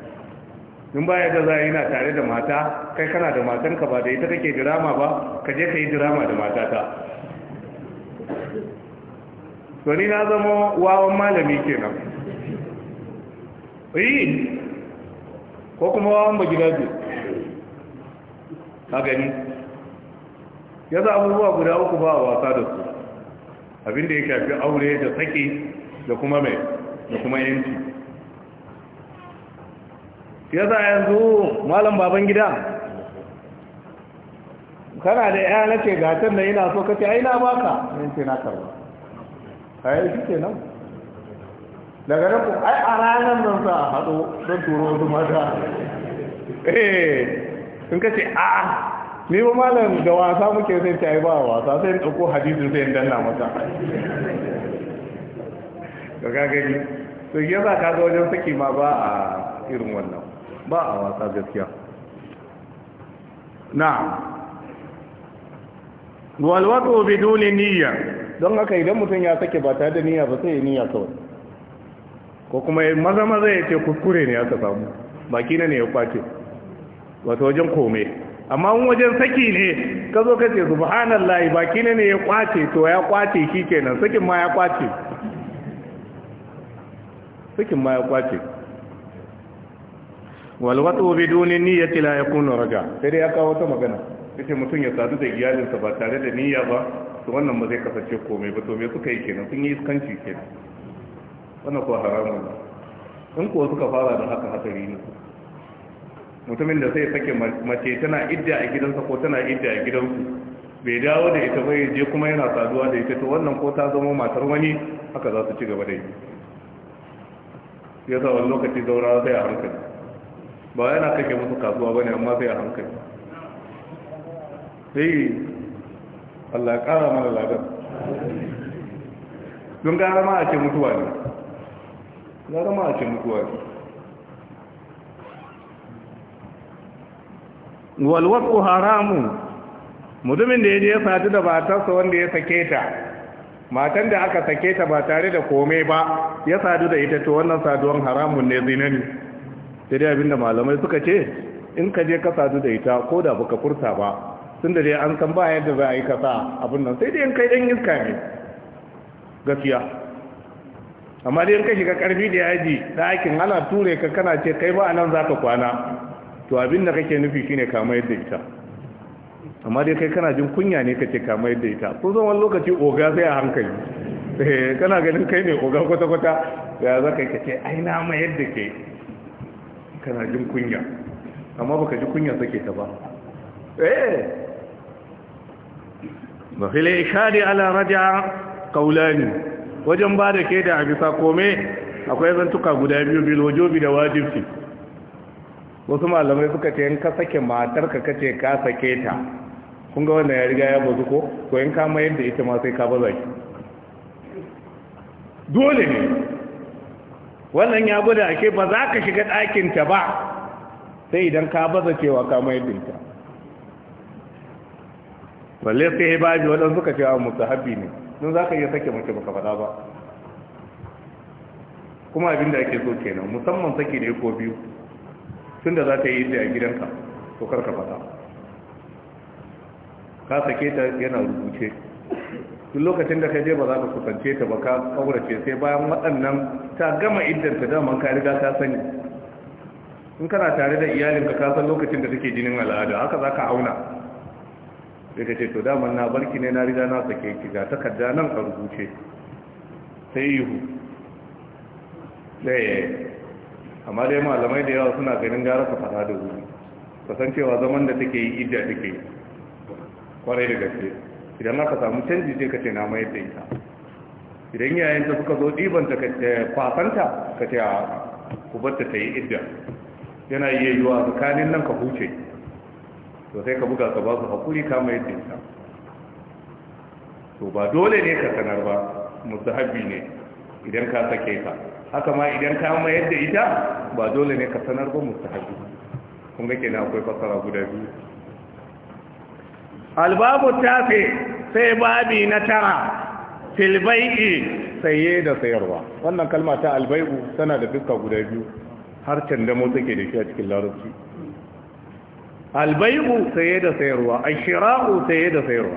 in baya da za na tare da mata kai kana da matanka ba da ita kake dirama ba ka je ka yi dirama da matata ta. ni na zama wawan malami kenan yi ko kuma wawan ba gidaje a gani ya za abubuwa guda uku ba a wasa da su abinda ya shafi aure da saki da kuma mai da kuma yanci ya za yanzu malam baban gida kana da ya na ce gatan da yana so ka ce aina baka yin ce na karba kayan shi ke nan daga nan ku ai a ranar nan sa a haɗo don turo wasu mata eh in ka ce a ni ba malam da wasa muke sai ta yi ba wasa sai ɗauko hadisin sai danna mata ga gagari to yi yasa ka zo wajen saki ma ba a irin wannan ba a wasa gaskiya na walwato biduni niyya don haka idan mutum ya sake ba tare da niyya ba sai niyya kawai ko kuma maza maza ya ce kuskure ne aka samu baki ne ya kwace wato wajen kome amma wajen saki ne ka zo ka ce subhanallahi baki ne ya kwace to ya kwace kenan sakin ma ya kwace sakin ma ya kwace walwatu bi duni niyyati la yakunu raja sai dai aka ta magana yace mutum ya sadu da iyalinsa ba tare da niyya ba to wannan ba zai kasance komai ba to me suka yi kenan sun yi iskanci kenan wannan ko haramun in ko suka fara da haka hatsari ne mutumin da sai sake mace tana idda a gidansa ko tana idda a gidansu bai dawo da ita bai je kuma yana saduwa da ita to wannan ko ta zama matar wani haka za su ci gaba da yi yasa wani lokaci zaura sai a hankali ba yana kake musu kasuwa ba ne amma sai a hankali sai Allah ƙara kara mana ladan don gara ma a ce mutuwa ne gara ma a ce mutuwa ne walwatsu haramu mutumin da ya je ya sadu da matarsa wanda ya sake ta matan da aka sake ta ba tare da kome ba ya sadu da ita to wannan saduwan haramun ne zinani sai dai abinda malamai suka ce in ka je ka sadu da ita ko da baka furta ba tun da dai an san ba yadda za a yi kasa abin nan sai dai in kai dan iska ne gaskiya amma dai in ka shiga karfi da yaji ɗakin ana ture ka kana ce kai ba nan za ka kwana to abin da kake nufi shine kama yadda ita amma dai kai kana jin kunya ne kace kama yadda ita ko zan wani lokaci oga sai a hankali eh, kana ganin kai ne oga kwata-kwata ya zaka ka kace ai na ma yadda ke kana jin kunya amma baka ji kunya take ta ba eh ba fil ishadi ala raj'a qawlani wajen ba da ke da abisa kome akwai zantuka guda biyu bil wajibi da wajibi wasu malamai suka ce in ka sake matarka kace ka sake ta kun ga wannan ya riga ya bazu ko ko in ka mayar da ita ma sai ka baza ki dole ne wannan ya guda ake ba za ka shiga ɗakinta ba sai idan ka baza cewa ka mai binta balle sai ya baji waɗansu ka cewa musu habi ne don za ka iya sake mace baka faɗa ba kuma abin da ake so kenan musamman sake ne ko biyu tun da za ta yi a gidanka to karka faɗa ka sake ta yana rubuce duk lokacin da ka je ba za ka kusance ta ba ka kaurace sai bayan waɗannan ta gama iddanta daman ka riga ka sani in kana tare da iyalin ka san lokacin da take jinin al'ada haka za ka auna sai ka ce to daman na barki ne na riga na sake ki ga takarda nan a rubuce sai ihu sai eh, amma dai malamai da yawa suna ganin gara ka fara da wuri kasancewa zaman da take yi idda take kwarai da gaske idan aka samu canji sai ka ce na mayar da ita idan yayin ta suka zo ɗibanta ta eh, kwasanta ka ce a kubarta ta yi idda yana iya yi wa tsakanin nan ka huce to sai ka buga ka ba su haƙuri ka mayar da ita to ba dole ne ka sanar ba habi ne idan ka sake ka haka ma idan ka mayar da ita ba dole ne ka sanar ba habi kun ga kenan akwai fasara guda biyu albabu tafi sai babi na tara filbai'i saye da sayarwa wannan kalma ta albai'u tana da fuska guda biyu har can motsa take da shi a cikin larabci albai'u saye da sayarwa shira'u saye da sayarwa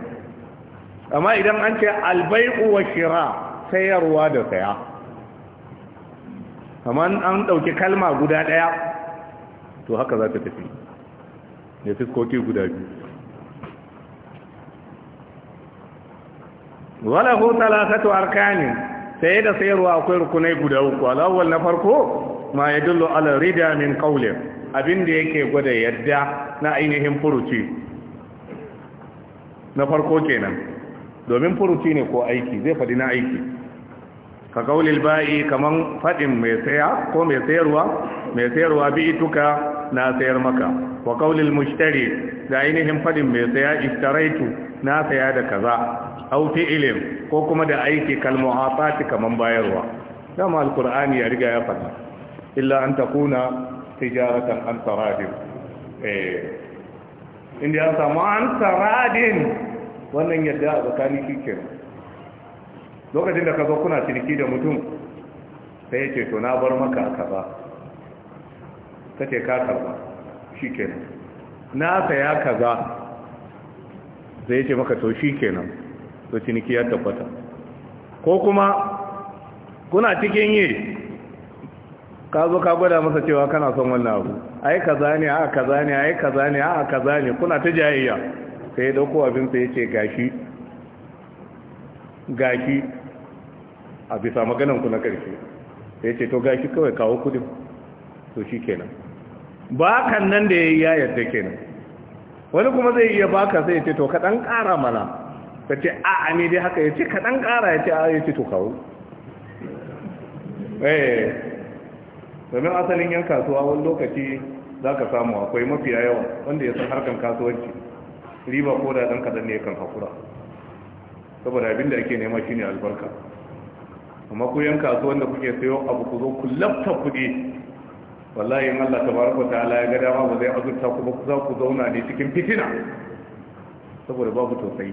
amma idan an ce albai'u wa shira sayarwa da saya amma an ɗauki kalma guda ɗaya to haka za ta tafi da fiskoki guda biyu wala hu talatatu arkanin sai da sayarwa akwai rukunai guda uku alawwal na farko ma yadullu ala rida min qawli abin da yake gwada yadda na ainihin furuci na farko kenan domin furuci ne ko aiki zai fadi na aiki ka kaulil ba'i kaman fadin mai saya ko mai sayarwa mai sayarwa bi ituka na sayar maka wa kaulil mushtari da ainihin fadin mai saya iftaraitu na saya da kaza au fi'ilin ko kuma da aiki kalmuhafati kaman bayarwa dama alkur'ani ya riga ya faɗa illa an takuna tijaratan an taradin eh inda ya samu an taradin wannan yadda a tsakanin kike lokacin da ka zo kuna ciniki da mutum sai ya ce to na bar maka a kaza ka ce ka karba shi ke na saya kaza zai ce maka to shi kenan to ciniki ya tabbata ko kuma kuna cikin yi ka zo ka gwada masa cewa kana son wannan abu ai kaza ne a kaza ne ai kaza ne a kaza ne kuna ta jayayya sai ya dauko abin sai ya ce gashi gashi a bisa maganan ku na karshe sai ya ce to gashi kawai kawo kudin to shi kenan ba kan nan da ya yi ya yadda kenan wani kuma zai iya baka zai ce to ka ƙara mana ka ce a a ne dai haka ya ce kaɗan ƙara ya ce a ya ce to kawo eh domin asalin yan kasuwa wani lokaci za ka samu akwai mafiya yawa wanda ya san harkar kasuwanci riba ko da ɗan kaɗan ne kan hakura saboda abin da ake nema shine albarka amma ku yan kasuwan da kuke sayo abu ku zo ku labta kuɗi wallahi in Allah tabaraka ta'ala ya ga dama ba zai azurta ku ba ku za ku zauna ne cikin fitina saboda babu tausayi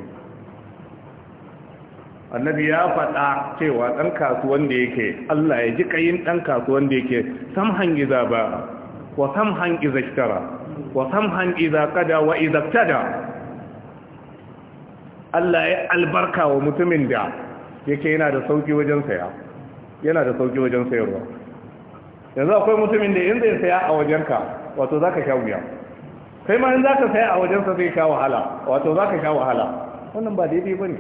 annabi ya faɗa cewa ɗan kasuwan da yake Allah ya ji kayin ɗan kasuwan da yake samhan iza ba wa samhan iza shitara wa samhan iza kada wa iza tada Allah ya albarka wa mutumin da yake yana da sauki wajen saya yana da sauki wajen sayarwa yanzu akwai mutumin da in zai saya a wajenka wato za ka sha wuya kai ma in za ka saya a wajensa zai sha wahala wato za ka sha wahala wannan ba daidai ba ne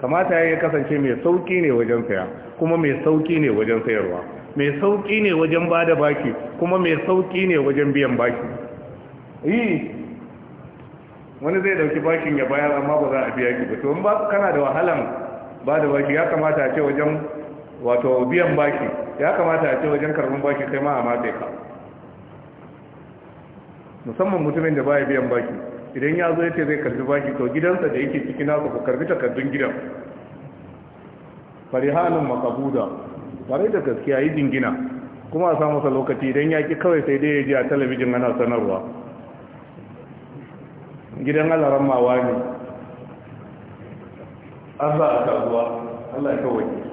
kamata ya kasance mai sauki ne wajen saya kuma mai sauki ne wajen sayarwa mai sauki ne wajen ba da baki kuma mai sauki ne wajen biyan baki yi wani zai dauki bakin ya bayar amma ba za a biya ki ba to in ba kana da wahalan ba da baki ya kamata a ce wajen wato biyan baki ya kamata a ce wajen karɓar baki kai ma a matse ka musamman mutumin da baya biyan baki idan ya zo yake zai karbi baki to gidansa da yake cikin nasa ku karbi takardun gidan farihanin makabuda tare da gaskiya yi jingina kuma a samu lokaci idan ya ki kawai sai dai ya ji a talabijin ana sanarwa gidan alaran mawa ne an za a kasuwa allah ya kawai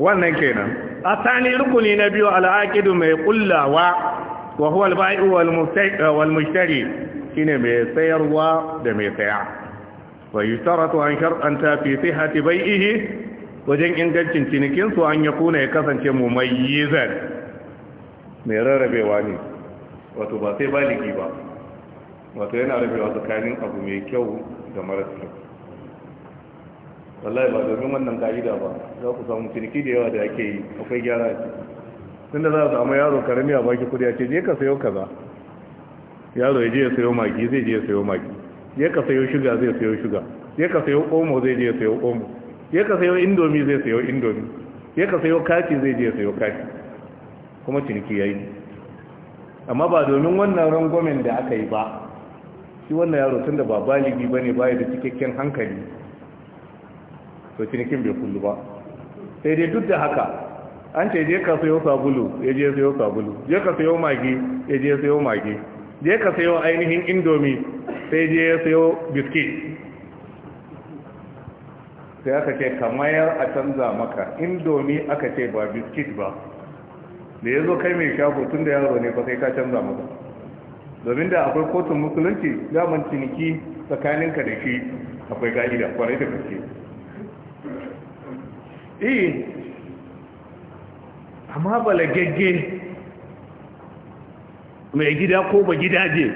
wannan kenan a asani rukuni na biyu al'aqidu mai kullawa wa huwa al-bai'u wal-mushtari shine mai sayarwa da mai saya wa yutaratu an shar'anta fi sihhati bai'ihi wajen ingancin cinikin su an kuna ya kasance mumayyizan mai rarrabewa ne wato ba sai baliki ba wato yana rabewa tsakanin abu mai kyau da mara kyau wallahi ba domin wannan ka'ida ba za ku samu ciniki da yawa da ake yi akwai gyara ce tun da za a samu yaro karami a baki kudi a ce je ka sayo kaza yaro ya je ya sayo magi zai je ya sayo magi je ka sayo shuga zai sayo shuga je ka sayo omo zai je ya sayo omo je ka sayo indomi zai sayo indomi je ka sayo kati zai je ya sayo kati kuma ciniki ya yi amma ba domin wannan rangwamen da aka yi ba shi wannan yaro tun da ba baligi ba ne baya da cikakken hankali to cinikin bai kullu ba sai dai duk da haka an ce je ka sayo sabulu ya je sayo sabulu je ka sayo magi ya je sayo magi je ka sayo ainihin indomi sai je ya sayo biskit sai aka ce kamayar a canza maka indomi aka ce ba biskit ba da ya zo kai mai shago tun da yaro ne ba sai ka canza maka domin da akwai kotun musulunci daman ciniki tsakaninka da shi akwai ga'ida kwarai da gaske Ee, eh. amma balagagge mai gida ko ba gidaje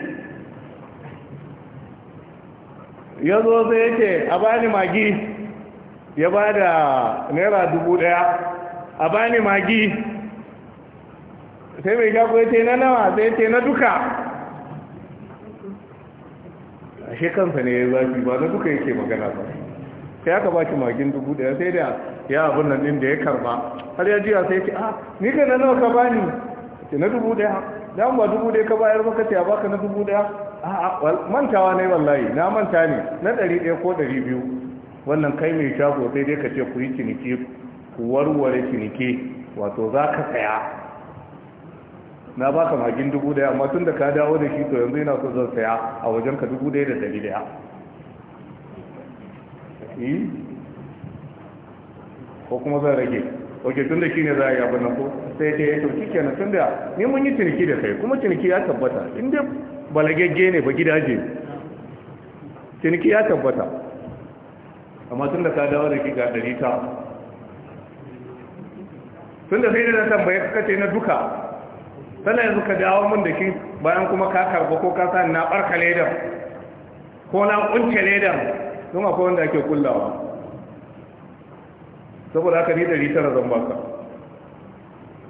ya zo sai yake a bani magi ya ba da naira dubu daya a bani magi sai mai gago ya ce na nawa sai ce na duka a shekansa ne ya zafi ba na duka yake magana ba sai aka ba shi magin dubu daya sai da ya abin nan din da ya karba har ya jiya sai ya ce a ah, ni ka na nawa ka bani ce na dubu daya da ba dubu daya ka bayar baka ce a baka na dubu daya a mantawa ne wallahi na manta ne na ɗari ɗaya ko ɗari biyu wannan kai mai shago sai dai ka ce ku yi ciniki ku warware ciniki wato za ka saya na baka magin dubu daya amma tun da ka dawo da shi to yanzu yana so zan saya a wajen ka dubu daya da ɗari daya eh? ko kuma zan rage oke tun da shine za a yi abu na ko sai dai ya tauki kenan tun da ni mun yi ciniki da kai kuma ciniki ya tabbata inda dai ne ba gidaje ciniki ya tabbata amma tun da ka dawo da kika ɗari ta tun da sai da tambaye ka ce na duka sannan yanzu ka dawo mun da shi bayan kuma ka karba ko ka sa na barka ledar ko na kunce ledar don akwai wanda ake kullawa saboda haka ni ɗari tara zan baka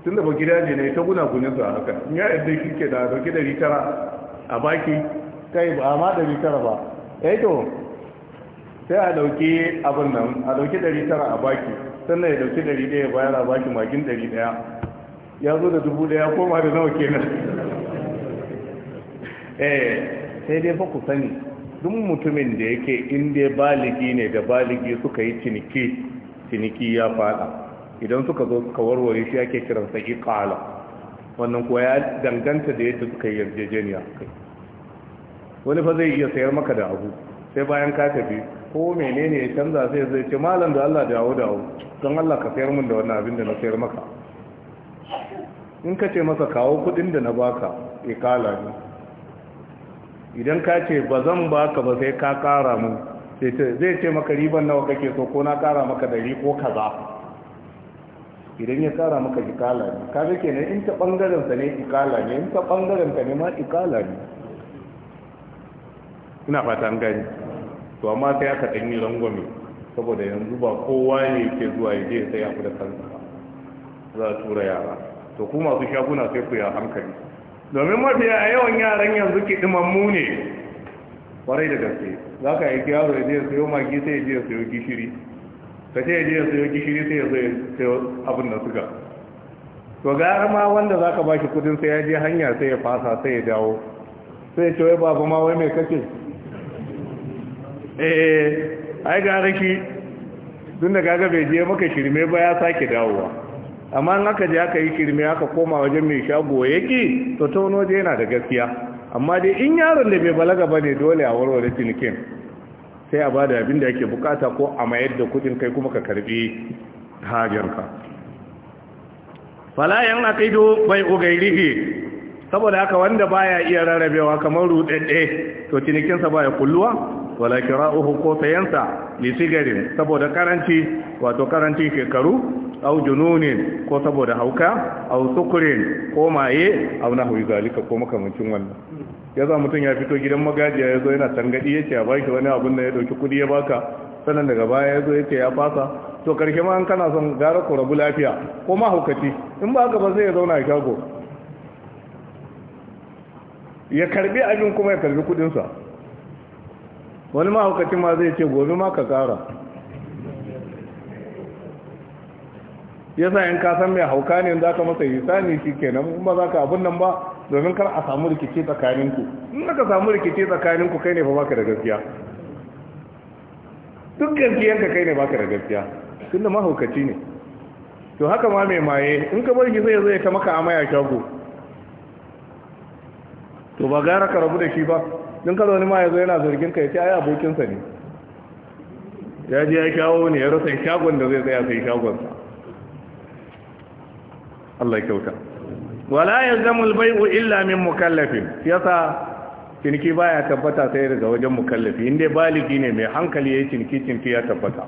tun da ba gida ne ne ta guna gunin a haka in ya yadda shi ke da ɗauki ɗari tara a baki kai ba ma ɗari tara ba eh to sai a ɗauki abin nan a ɗauki ɗari tara a baki sannan ya ɗauki ɗari ɗaya bayan a baki magin ɗari ɗaya ya zo da dubu ɗaya koma da nawa kenan eh sai dai fa ku sani duk mutumin da yake in dai baligi ne da baligi suka yi ciniki ciniki ya fada idan suka zo suka warware shi ake kiran sa iqala wannan kuwa ya danganta da yadda suka yi yarjejeniya kai wani fa zai iya sayar maka da abu sai bayan ka tafi ko menene ya canza sai zai ce malam da Allah dawo dawo don Allah ka sayar min da wannan abin da na sayar maka in ka ce masa kawo kudin da na baka iqala ne idan ka ce ba zan baka ba sai ka kara mun zai ce maka riban nawa kake so ko na kara maka dari ko kaza idan ya kara maka ikala ne kaga kenan in ta bangaren sa ne ikala ne in ta bangaren ka ne ma ikala ne ina fata an gani to amma sai aka ɗan yi rangwame saboda yanzu ba kowa ne ke zuwa ya je sai ya da kansa za a tura yara to ku masu shaguna sai ku ya hankali domin mafiya a yawan yaran yanzu ki dimammu ne kwarai da gaske za ka aiki yaro ya je ya sayo magi sai ya je ya sayo gishiri ka ce ya je ya sayo gishiri sai ya zai sayo abin da suka to gara ma wanda za ka ba shi kudin sai ya je hanya sai ya fasa sai ya dawo sai ya ce wai babu ma wai mai kake eh ai gara shi tun da gaga bai je maka shirme ba ya sake dawowa amma in aka je aka yi shirme aka koma wajen mai shago yake to tono je yana da gaskiya amma dai in yaron da bai balaga ba ne dole a warware cinikin sai a bada abin da yake bukata ko a mayar da kudin kai kuma ka karbi hajarka falayan aqidu bai ugairihi saboda haka wanda baya iya rarrabewa kamar rudadde to cinikinsa sa baya kulluwa wala kira'uhu ko sayansa li sigarin saboda karanci wato karanci shekaru aw jununin ko saboda hauka aw sukurin ko maye aw nahwi zalika ko makamancin wannan yaza mutum ya fito gidan magajiya yazo yana tangadi yace ya baki wani abun da ya dauki kudi ya baka sannan daga baya yazo yace ya fasa to karshe ma an kana son gara ko rabu lafiya ko ma haukaci in ba haka ba zai ya zauna a shago ya karbi abin kuma ya karbi kudin sa wani ma haukacin ma zai ce gobe ma ka kara yasa in ka san mai hauka ne za ka masa hisani shi kenan in ba za ka abin nan ba domin kar a samu rikici tsakaninku in ka samu rikici tsakaninku kai ne ba ka da gaskiya duk ka kai ne ba ka da gaskiya da mahaukaci ne to haka ma mai maye in ka bar gizo zai zai ta maka amaya shago to ba gara ka rabu da shi ba don kada wani ma ya zo yana zargin ka ya ce ai abokinsa ne ya ji ya shawo ne ya rasa shagon da zai tsaya sai shagonsa Allah ya kyauta wala yalzamul bai'u illa min mukallafin yasa ciniki baya tabbata sai daga wajen mukallafi inda baligi ne mai hankali yayin ciniki ciniki ya tabbata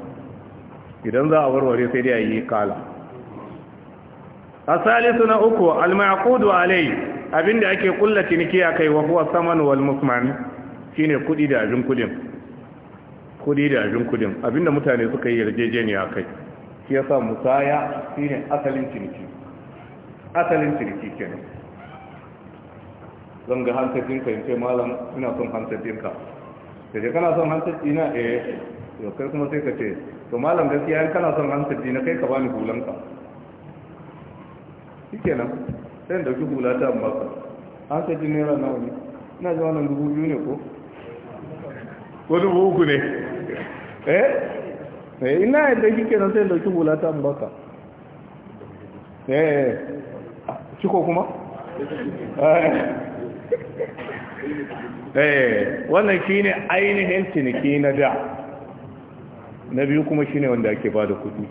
idan za a warware sai dai ayi kala asalisu na uku al-ma'qudu alai abinda ake kulla ciniki akai wa huwa Samanu wal musman shine kudi da abin kudin kudi da ajin kudin abinda mutane suka yi yarjejeniya kai, shi yasa musaya shine asalin ciniki asalin ciniki kenan zan ga ka yi ce malam ina son hantafinka da ce kana son hantafi na eh yau kai kuma sai ka ce to malam gaskiya yan kana son hantafi na kai ka bani hulanka shi kenan sai dauki hula ta an baka hantafi naira nawa ne ina ji nan dubu biyu ne ko ko dubu uku ne eh, eh ina yadda kike nan sai dauki hula ta an baka eh ciko kuma eh wannan ne ainihin ciniki na da na biyu kuma shi ne wanda ake bada kudi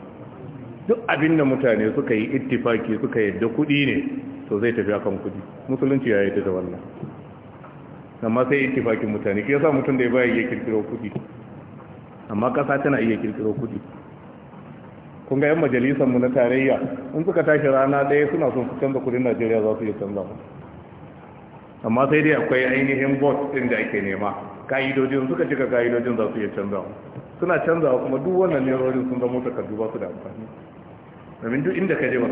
duk abinda mutane suka yi ittifaki suka yadda kudi ne to zai tafi akan kudi musulunci ya yadda da wannan amma sai ittifakin mutane ke yasa mutum da ya baya iya kirkiro kudi amma kasa tana iya kirkiro kudi kun ga yan majalisar mu na tarayya in suka tashi rana ɗaya suna son su canza kudin Najeriya za su yi canza amma sai dai akwai ainihin bot ɗin da ake nema ka'idojin suka cika ka'idojin za su iya canza suna canza kuma duk wannan nerorin sun zama takardu ba su da amfani domin duk inda ka je ba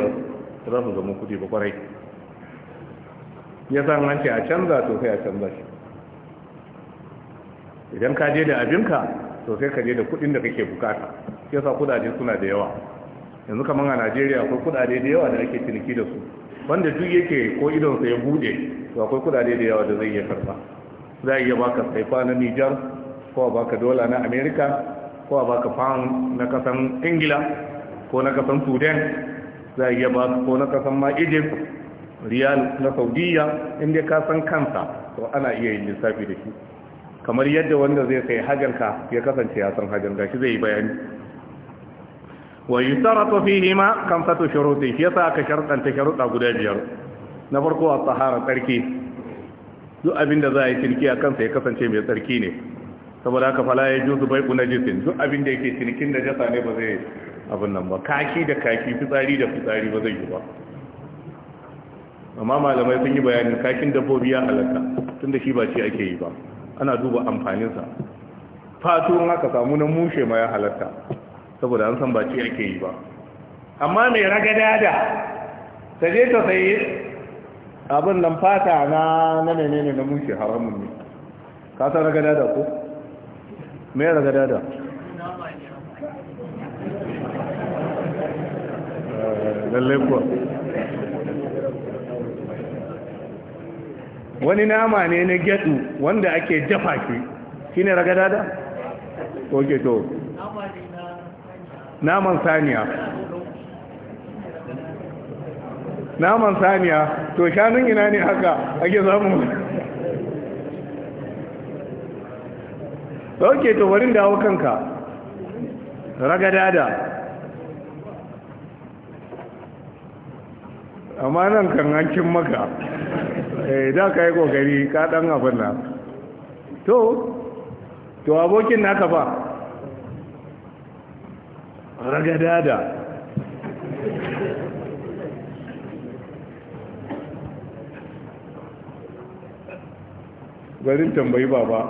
za su zama kudi ba kwarai ya san an ce a canza to sai a canza shi idan ka je da abinka to sai ka je da kudin da kake bukata sai yasa kudade suna da yawa yanzu kaman a Najeriya akwai kudade da yawa da ake ciniki da su wanda duk yake ko idon sa ya bude to akwai kudade da yawa da zai iya karba za iya baka saifa na Niger ko baka dola na America ko a baka pound na kasan Ingila ko na kasan Sudan za iya baka ko na kasan ma Egypt riyal na Saudiya inda ka san kansa to ana iya yin lissafi da shi kamar yadda wanda zai sai hajarka ya kasance ya san hajar gashi zai yi bayani wa yusaratu fihi ma kamsatu shuruti yasa aka sharɗanta sharuɗa guda biyar na farko a tsahara tsarki duk abin da za a yi ciniki a kansa ya kasance mai tsarki ne saboda haka fala ya juzu bai kuna jisin duk abin da yake cinikin da jasa ne ba zai abin nan ba kaki da kaki fitsari da fitsari ba zai yi ba amma malamai sun yi bayanin kakin dabbobi ya halatta tunda shi ba shi ake yi ba ana duba amfaninsa fato in aka samu na mushe ma ya halatta saboda an san ba ci ake yi ba amma mai ragada da ta je ta sai abin nan fata na na menene na mushe haramun ne ka san ragada da ko mai ragada da eh, lallai kuwa wani nama ne na gyadu wanda ake jafa shi shine ragadada oke to naman saniya naman saniya to shanun ina ne haka ake zamu? oke to warin dawo kanka ragadada amma nan kan hankin maka eh, da ka yi kokari ka dan abin nan to to abokin naka fa ragadada garin tambayi baba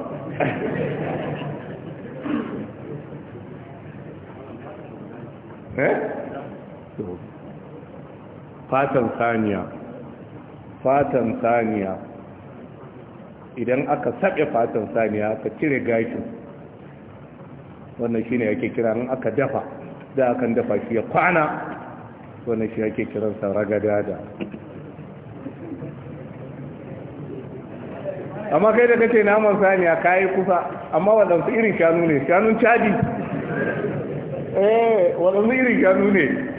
eh fatan saniya fatan saniya idan aka sabe fatan saniya aka cire gashin wannan shi ne ake kira in aka dafa da akan dafa shi ya kwana wannan shi ake kiransa da amma kai da kace naman saniya kayi kusa amma waɗansu irin shanu ne shanun caji eh waɗansu irin shanu ne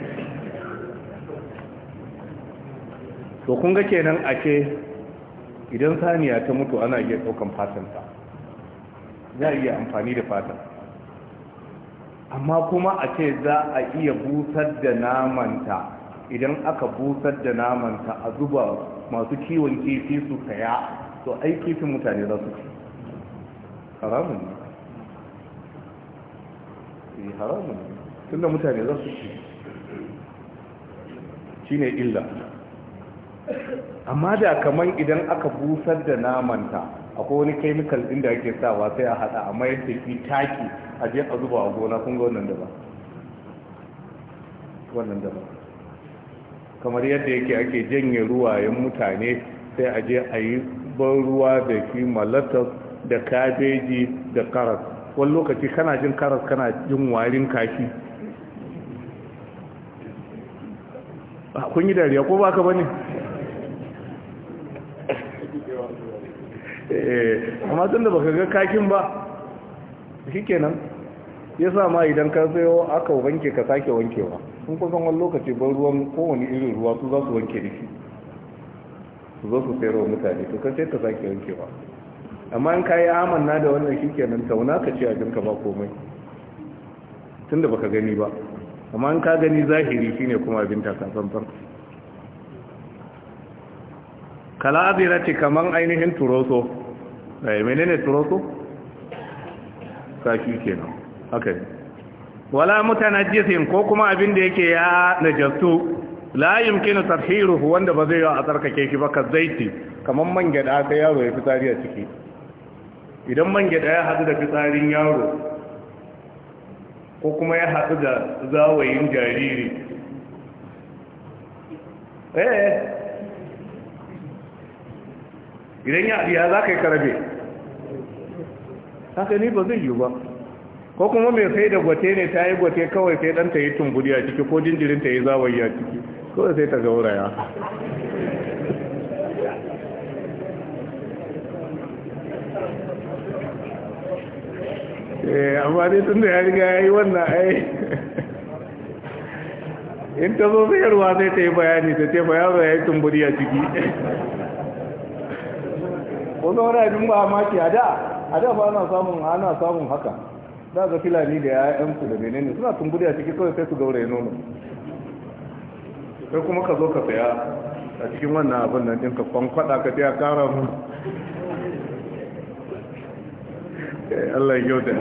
to kun ga kenan ake idan saniya ta mutu ana iya ɗaukan fatanta za a iya amfani da fatan amma kuma a ce za a iya busar da namanta idan aka busar da namanta a zuba masu kiwon kifi su saya to ai kifin mutane za su ci haramun ne eh, haramun ne tunda mutane za su ci shi ne illa amma da kamar idan aka busar da namanta akwai wani chemical din da ake sawa sai a hada a mayar da shi taki a je a zuba a gona kun ga wannan ba wannan ba kamar yadda yake ake janye ruwayen mutane sai a je a yi ban ruwa da shi malatas da kabeji da karas wani lokaci kana jin karas kana jin warin kashi kun yi dariya ko ba ka bane Eh, amma tunda baka ga kakin ba shi kenan ya sa ma idan ka sayo aka wanke ka sake wankewa sun kusan wani lokaci ban ruwan kowane irin ruwa su za su wanke da shi su zo su sayarwa mutane to kan ka sake wankewa amma in ka yi amanna da wannan shi kenan tauna ka ce jinka ba komai tun da baka gani ba amma in ka gani zahiri shine kuma abin takasantar kalazirati kaman ainihin turoso eh menene turoso saki kenan haka ne wala mutanajjisin ko kuma abin da yake ya najastu la yumkinu tarhiru wanda ba zai yi a tsarkake shi ba zaiti. kaman man gada sai yaro ya fitari a ciki idan man gada ya hadu da fitsarin yaro ko kuma ya hadu da zawayin jariri eh, eh. idan ya adiya za ka yi karabe haka ni ba zai yi ba ko kuma mai sai da gwate ne ta yi gwate kawai sai ɗanta yi tumburi a ciki ko jinjirin ta yi zawayi a ciki kawai sai ta gauraya eh, amma dai tun da ya riga ya yi wannan ai in ta zo sayarwa sai ta yi bayani ta ce ba zai ya yi tumburi a ciki Wasu wani abin ba maki a da a da ba ana samun ana samun haka za ga filani da ya'yansu da menene suna tumburi a ciki kawai sai su gauraye nono sai kuma ka zo ka saya a cikin wannan abin nan ɗin ka kwankwada ka biya kara mu eh, Allah yau da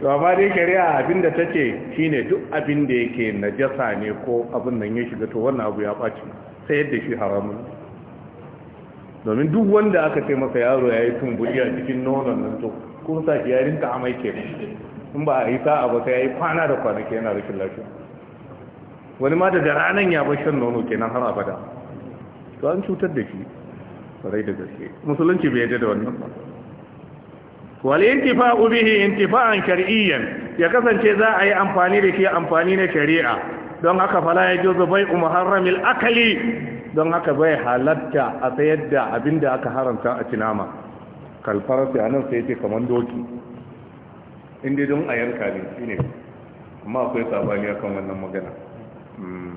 to amma dai riya, abin da ta shi shine duk abin da yake najasa ne ko abin nan ya shiga to wannan abu ya ɓaci sai yadda shi haramun domin duk wanda aka ce masa yaro ya yi tumbuli a cikin nonon nan to kun sa ki yarin rinka amai ke in ba a yi sa'a ba sai ya yi kwana da kwanaki yana rikin lafiya wani ma da da ranar ya bar shan nono kenan har abada to an cutar da shi sarai da gaske musulunci bai yadda da wannan ba wal intifa'u bihi intifa'an shar'iyyan ya kasance za a yi amfani da shi amfani na shari'a don haka fala ya juzu bai'u muharramil akali don haka bai halatta a sayar da abin da aka haramta a cinama kalfar sai anan sai ce kamar doki inda don a yanka ne shi ne amma akwai sabani akan wannan magana hmm.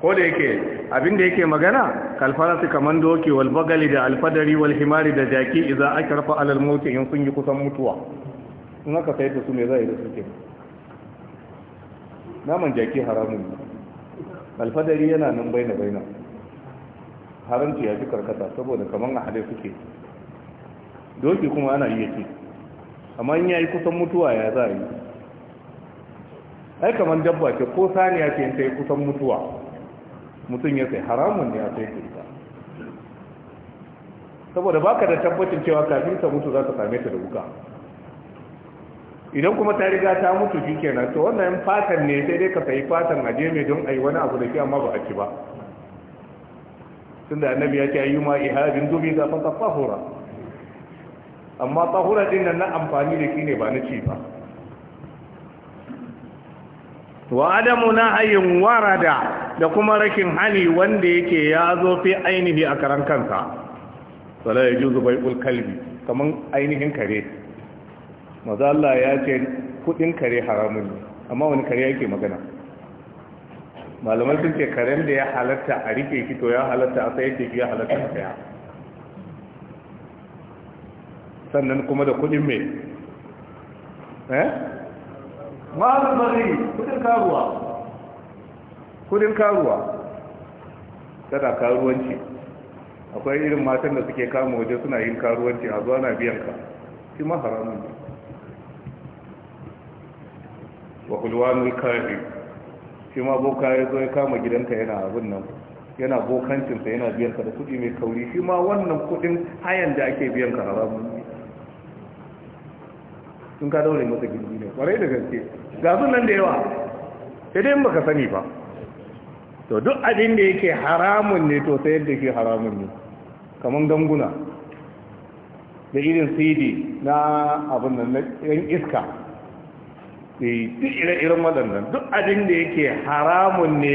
ko da yake abin da yake magana kalfar sai kamar doki wal bagali da alfadari wal himari da jaki idan aka rafa alal mauti in sun yi kusan mutuwa in aka sai da su ne za a yi da ke naman jaki haramun alfadari yana nan baina baina haramci ya fi karkata saboda kamar a hadai suke doki kuma ana iya ce amma in ya yi kusan mutuwa ya za a yi ai kamar dabba ce ko saniya ce ta yi kusan mutuwa mutum ya sai haramun ne a sai ta ita saboda ka da tabbacin cewa kafin ta mutu za ka same ta da wuka idan kuma ta riga ta mutu shi kenan to wannan fatan ne sai dai ka sayi fatan a mai don a yi wani abu da ke amma ba a ci ba tunda annabi ya ce ayyuma ihabin dubi da fa tahura amma tahura din nan na amfani da kine ba na ci ba wa adamu nahayin warada da kuma rakin hani wanda yake ya zo fi ainihi a karan kansa sala ya juzu bai'ul kalbi kaman ainihin kare maza Allah ya ce kudin kare haramun amma wani kare yake magana malaman sun ce karen da ya halatta a rike shi to ya halatta a sai da ya halatta a saya sannan kuma da kudin mai eh ma'azin bari kudin karuwa kudin karuwa tana karuwanci akwai irin matan da suke kama waje suna yin karuwanci a zuwa na biyan ka shi ma haramun ne wa kulwanul karuwa shi ma boka ya zo ya kama gidanta yana abin nan yana bokancinsa yana biyan ka da kuɗi mai kauri shi ma wannan kuɗin hayan da ake biyan ka haramun sun ka daure masa gindi ne kwarai da gaske ga sun nan da yawa sai dai baka sani ba to duk abin da yake haramun ne to sayar da ke haramun ne kamar ganguna da irin cd na abin nan na iska Eh, duk ire-iren waɗannan duk abin da yake haramun ne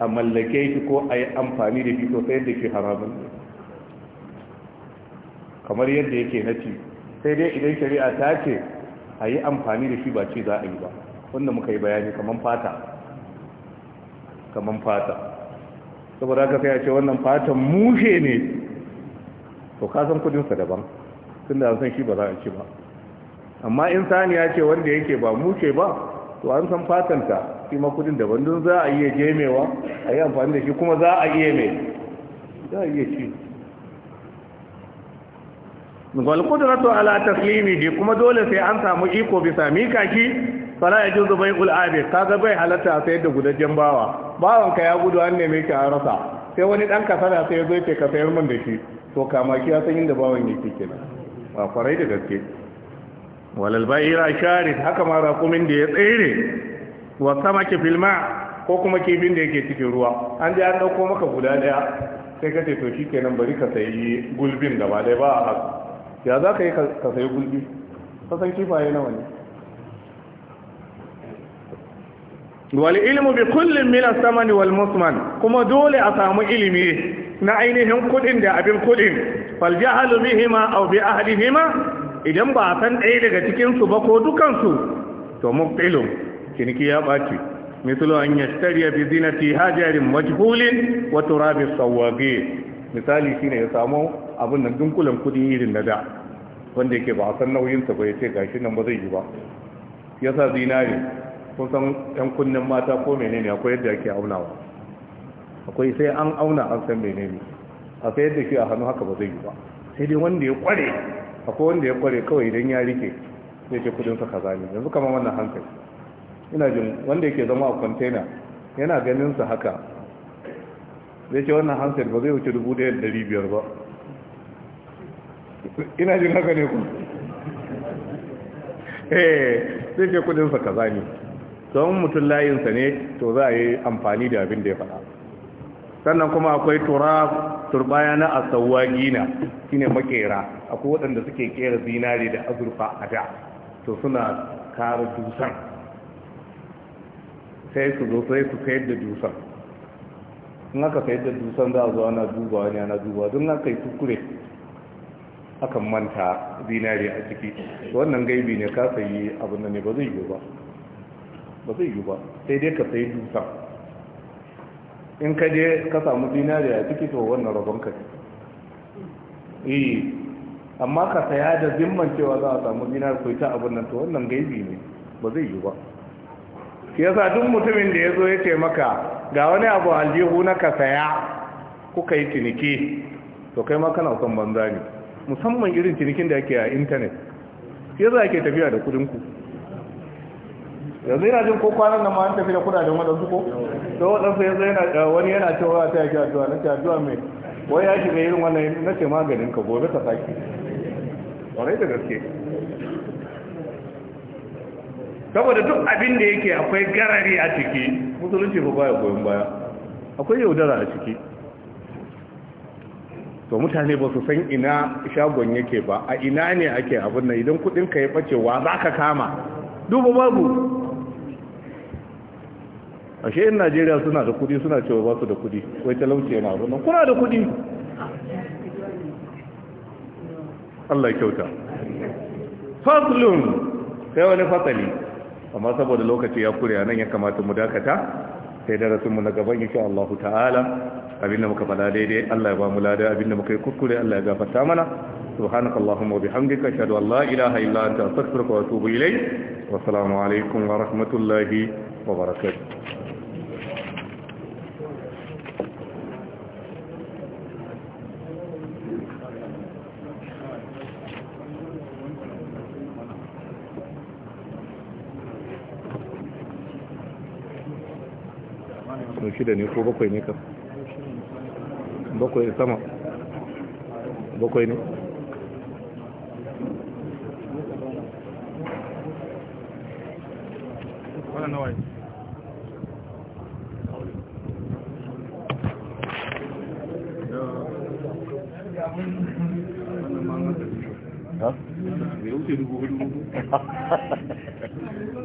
a mallake shi ko a yi amfani da shi sosai da shi haramun ne kamar yadda yake na ci sai dai idan shari'a ta ce a yi amfani da shi ba ce za a yi ba wanda muka yi bayani kamar fata kamar fata saboda haka sai a ce wannan fatan mushe ne to kasan kudinsa daban tun da san shi ba za a ci ba amma in saniya ce wanda yake ba muke ba to an san fatanta shi ma kudin daban don za a iya jemewa a yi amfani da shi kuma za a iya mai za a iya ci kudurato ala ne kuma dole sai an samu iko bisa ki fala ya juzu bai ul'abe kaga bai halatta a sayar da gudajen bawa bawanka ya gudu an neme ki a rasa sai wani ɗan kasara sai ya zo kasayar ka sayar min da shi to kamaki ya san inda bawan yake kenan ba kwarai da gaske walal bayira sharid haka ma raƙumin da ya tsere wa sama ke filma ko kuma kifin da yake cikin ruwa an je an ɗauko maka guda ɗaya sai ka ce to shi kenan bari ka sayi gulbin ba dai ba a haka ya za ka yi ka sayi gulbi kasan kifaye nawa ne wal ilmu bi kullum min as-samani wal musman kuma dole a samu ilimi na ainihin kudin da abin kudin fal jahalu bihima aw bi ahlihima idan ba a san ɗaya daga cikinsu ba ko dukansu to mubtilun ciniki ya ɓaci misali an yashtariya bi zinati hajarin majhulin wa turabi sawage misali shine ya samu abin nan dunkulan kudi irin na da wanda yake ba a san nauyinsa ba ya ce gashi nan ba zai yi ba ya sa zinari kun san yan kunnen mata ko menene akwai yadda ake aunawa akwai sai an auna an san menene a sai yadda shi a hannu haka ba zai yi ba sai dai wanda ya kware akwai wanda ya kware kawai idan ya rike zai ce kudin sa kaza ne yanzu kamar wannan hankali ina jin wanda yake zama a kwantena yana ganin sa haka zai ce wannan hankali ba zai wuce dubu ɗaya da dari biyar ba ina jin haka ne ku eh zai ce kudin sa kaza ne don mutum layinsa ne to za a yi amfani da abin da ya faɗa sannan kuma akwai turab turbaya na na shine makera akwai waɗanda suke kera zinare da azurfa a da to suna kara dusan sai su zo sai su sayar da dusan in aka sayar da dusan za a zo ana duba wani ana duba don aka kai kukure akan manta zinare a ciki wannan gaibi ne ka sayi abin nan ne ba zai yi ba ba zai yi ba sai dai ka sayi dusan in ka je ka samu dinari a ciki to wannan rabon ka eh amma ka saya da zimman cewa za a samu dinar ko ita abun nan to wannan gaibi ne ba zai yi ba shi yasa duk mutumin da ya zo ya ce maka ga wani abu aljihu na ka saya kuka yi ciniki to kai ma kana son banza ne musamman irin cinikin da ake a intanet shi yasa ake tafiya da kudin ku yanzu yana jin ko kwanan nan ma an tafi da kudaden waɗansu ko da waɗansu yanzu yana wani yana cewa ta yake addu'a na ce addu'a mai wai ya shiga irin wannan na ce maganin ka gobe ka sake ƙwarai da gaske saboda duk abin da yake akwai garari a ciki musulunci ba baya goyon baya akwai yaudara a ciki to mutane ba su san ina shagon yake ba a ina ne ake abin nan idan kudin ka ya bace wa za ka kama duba babu ashe in najeriya suna da kudi suna cewa ba su da kudi wai talauci yana wannan kuna da kudi Allah kyauta faslun sai wani fasali amma saboda lokaci ya kure nan ya kamata mu dakata sai darasin mu na gaban insha Allah ta'ala Abin da muka fada daidai Allah ya ba mu lada da muka yi kuskure Allah ya gafarta mana subhanakallahumma wa bihamdika ashhadu an la ilaha illa anta astaghfiruka wa atubu ilayk wa assalamu alaikum wa rahmatullahi wa barakatuh shida ne ko bakwai ne kan bakwai sama bakwai ne wannan nawa ne Huh?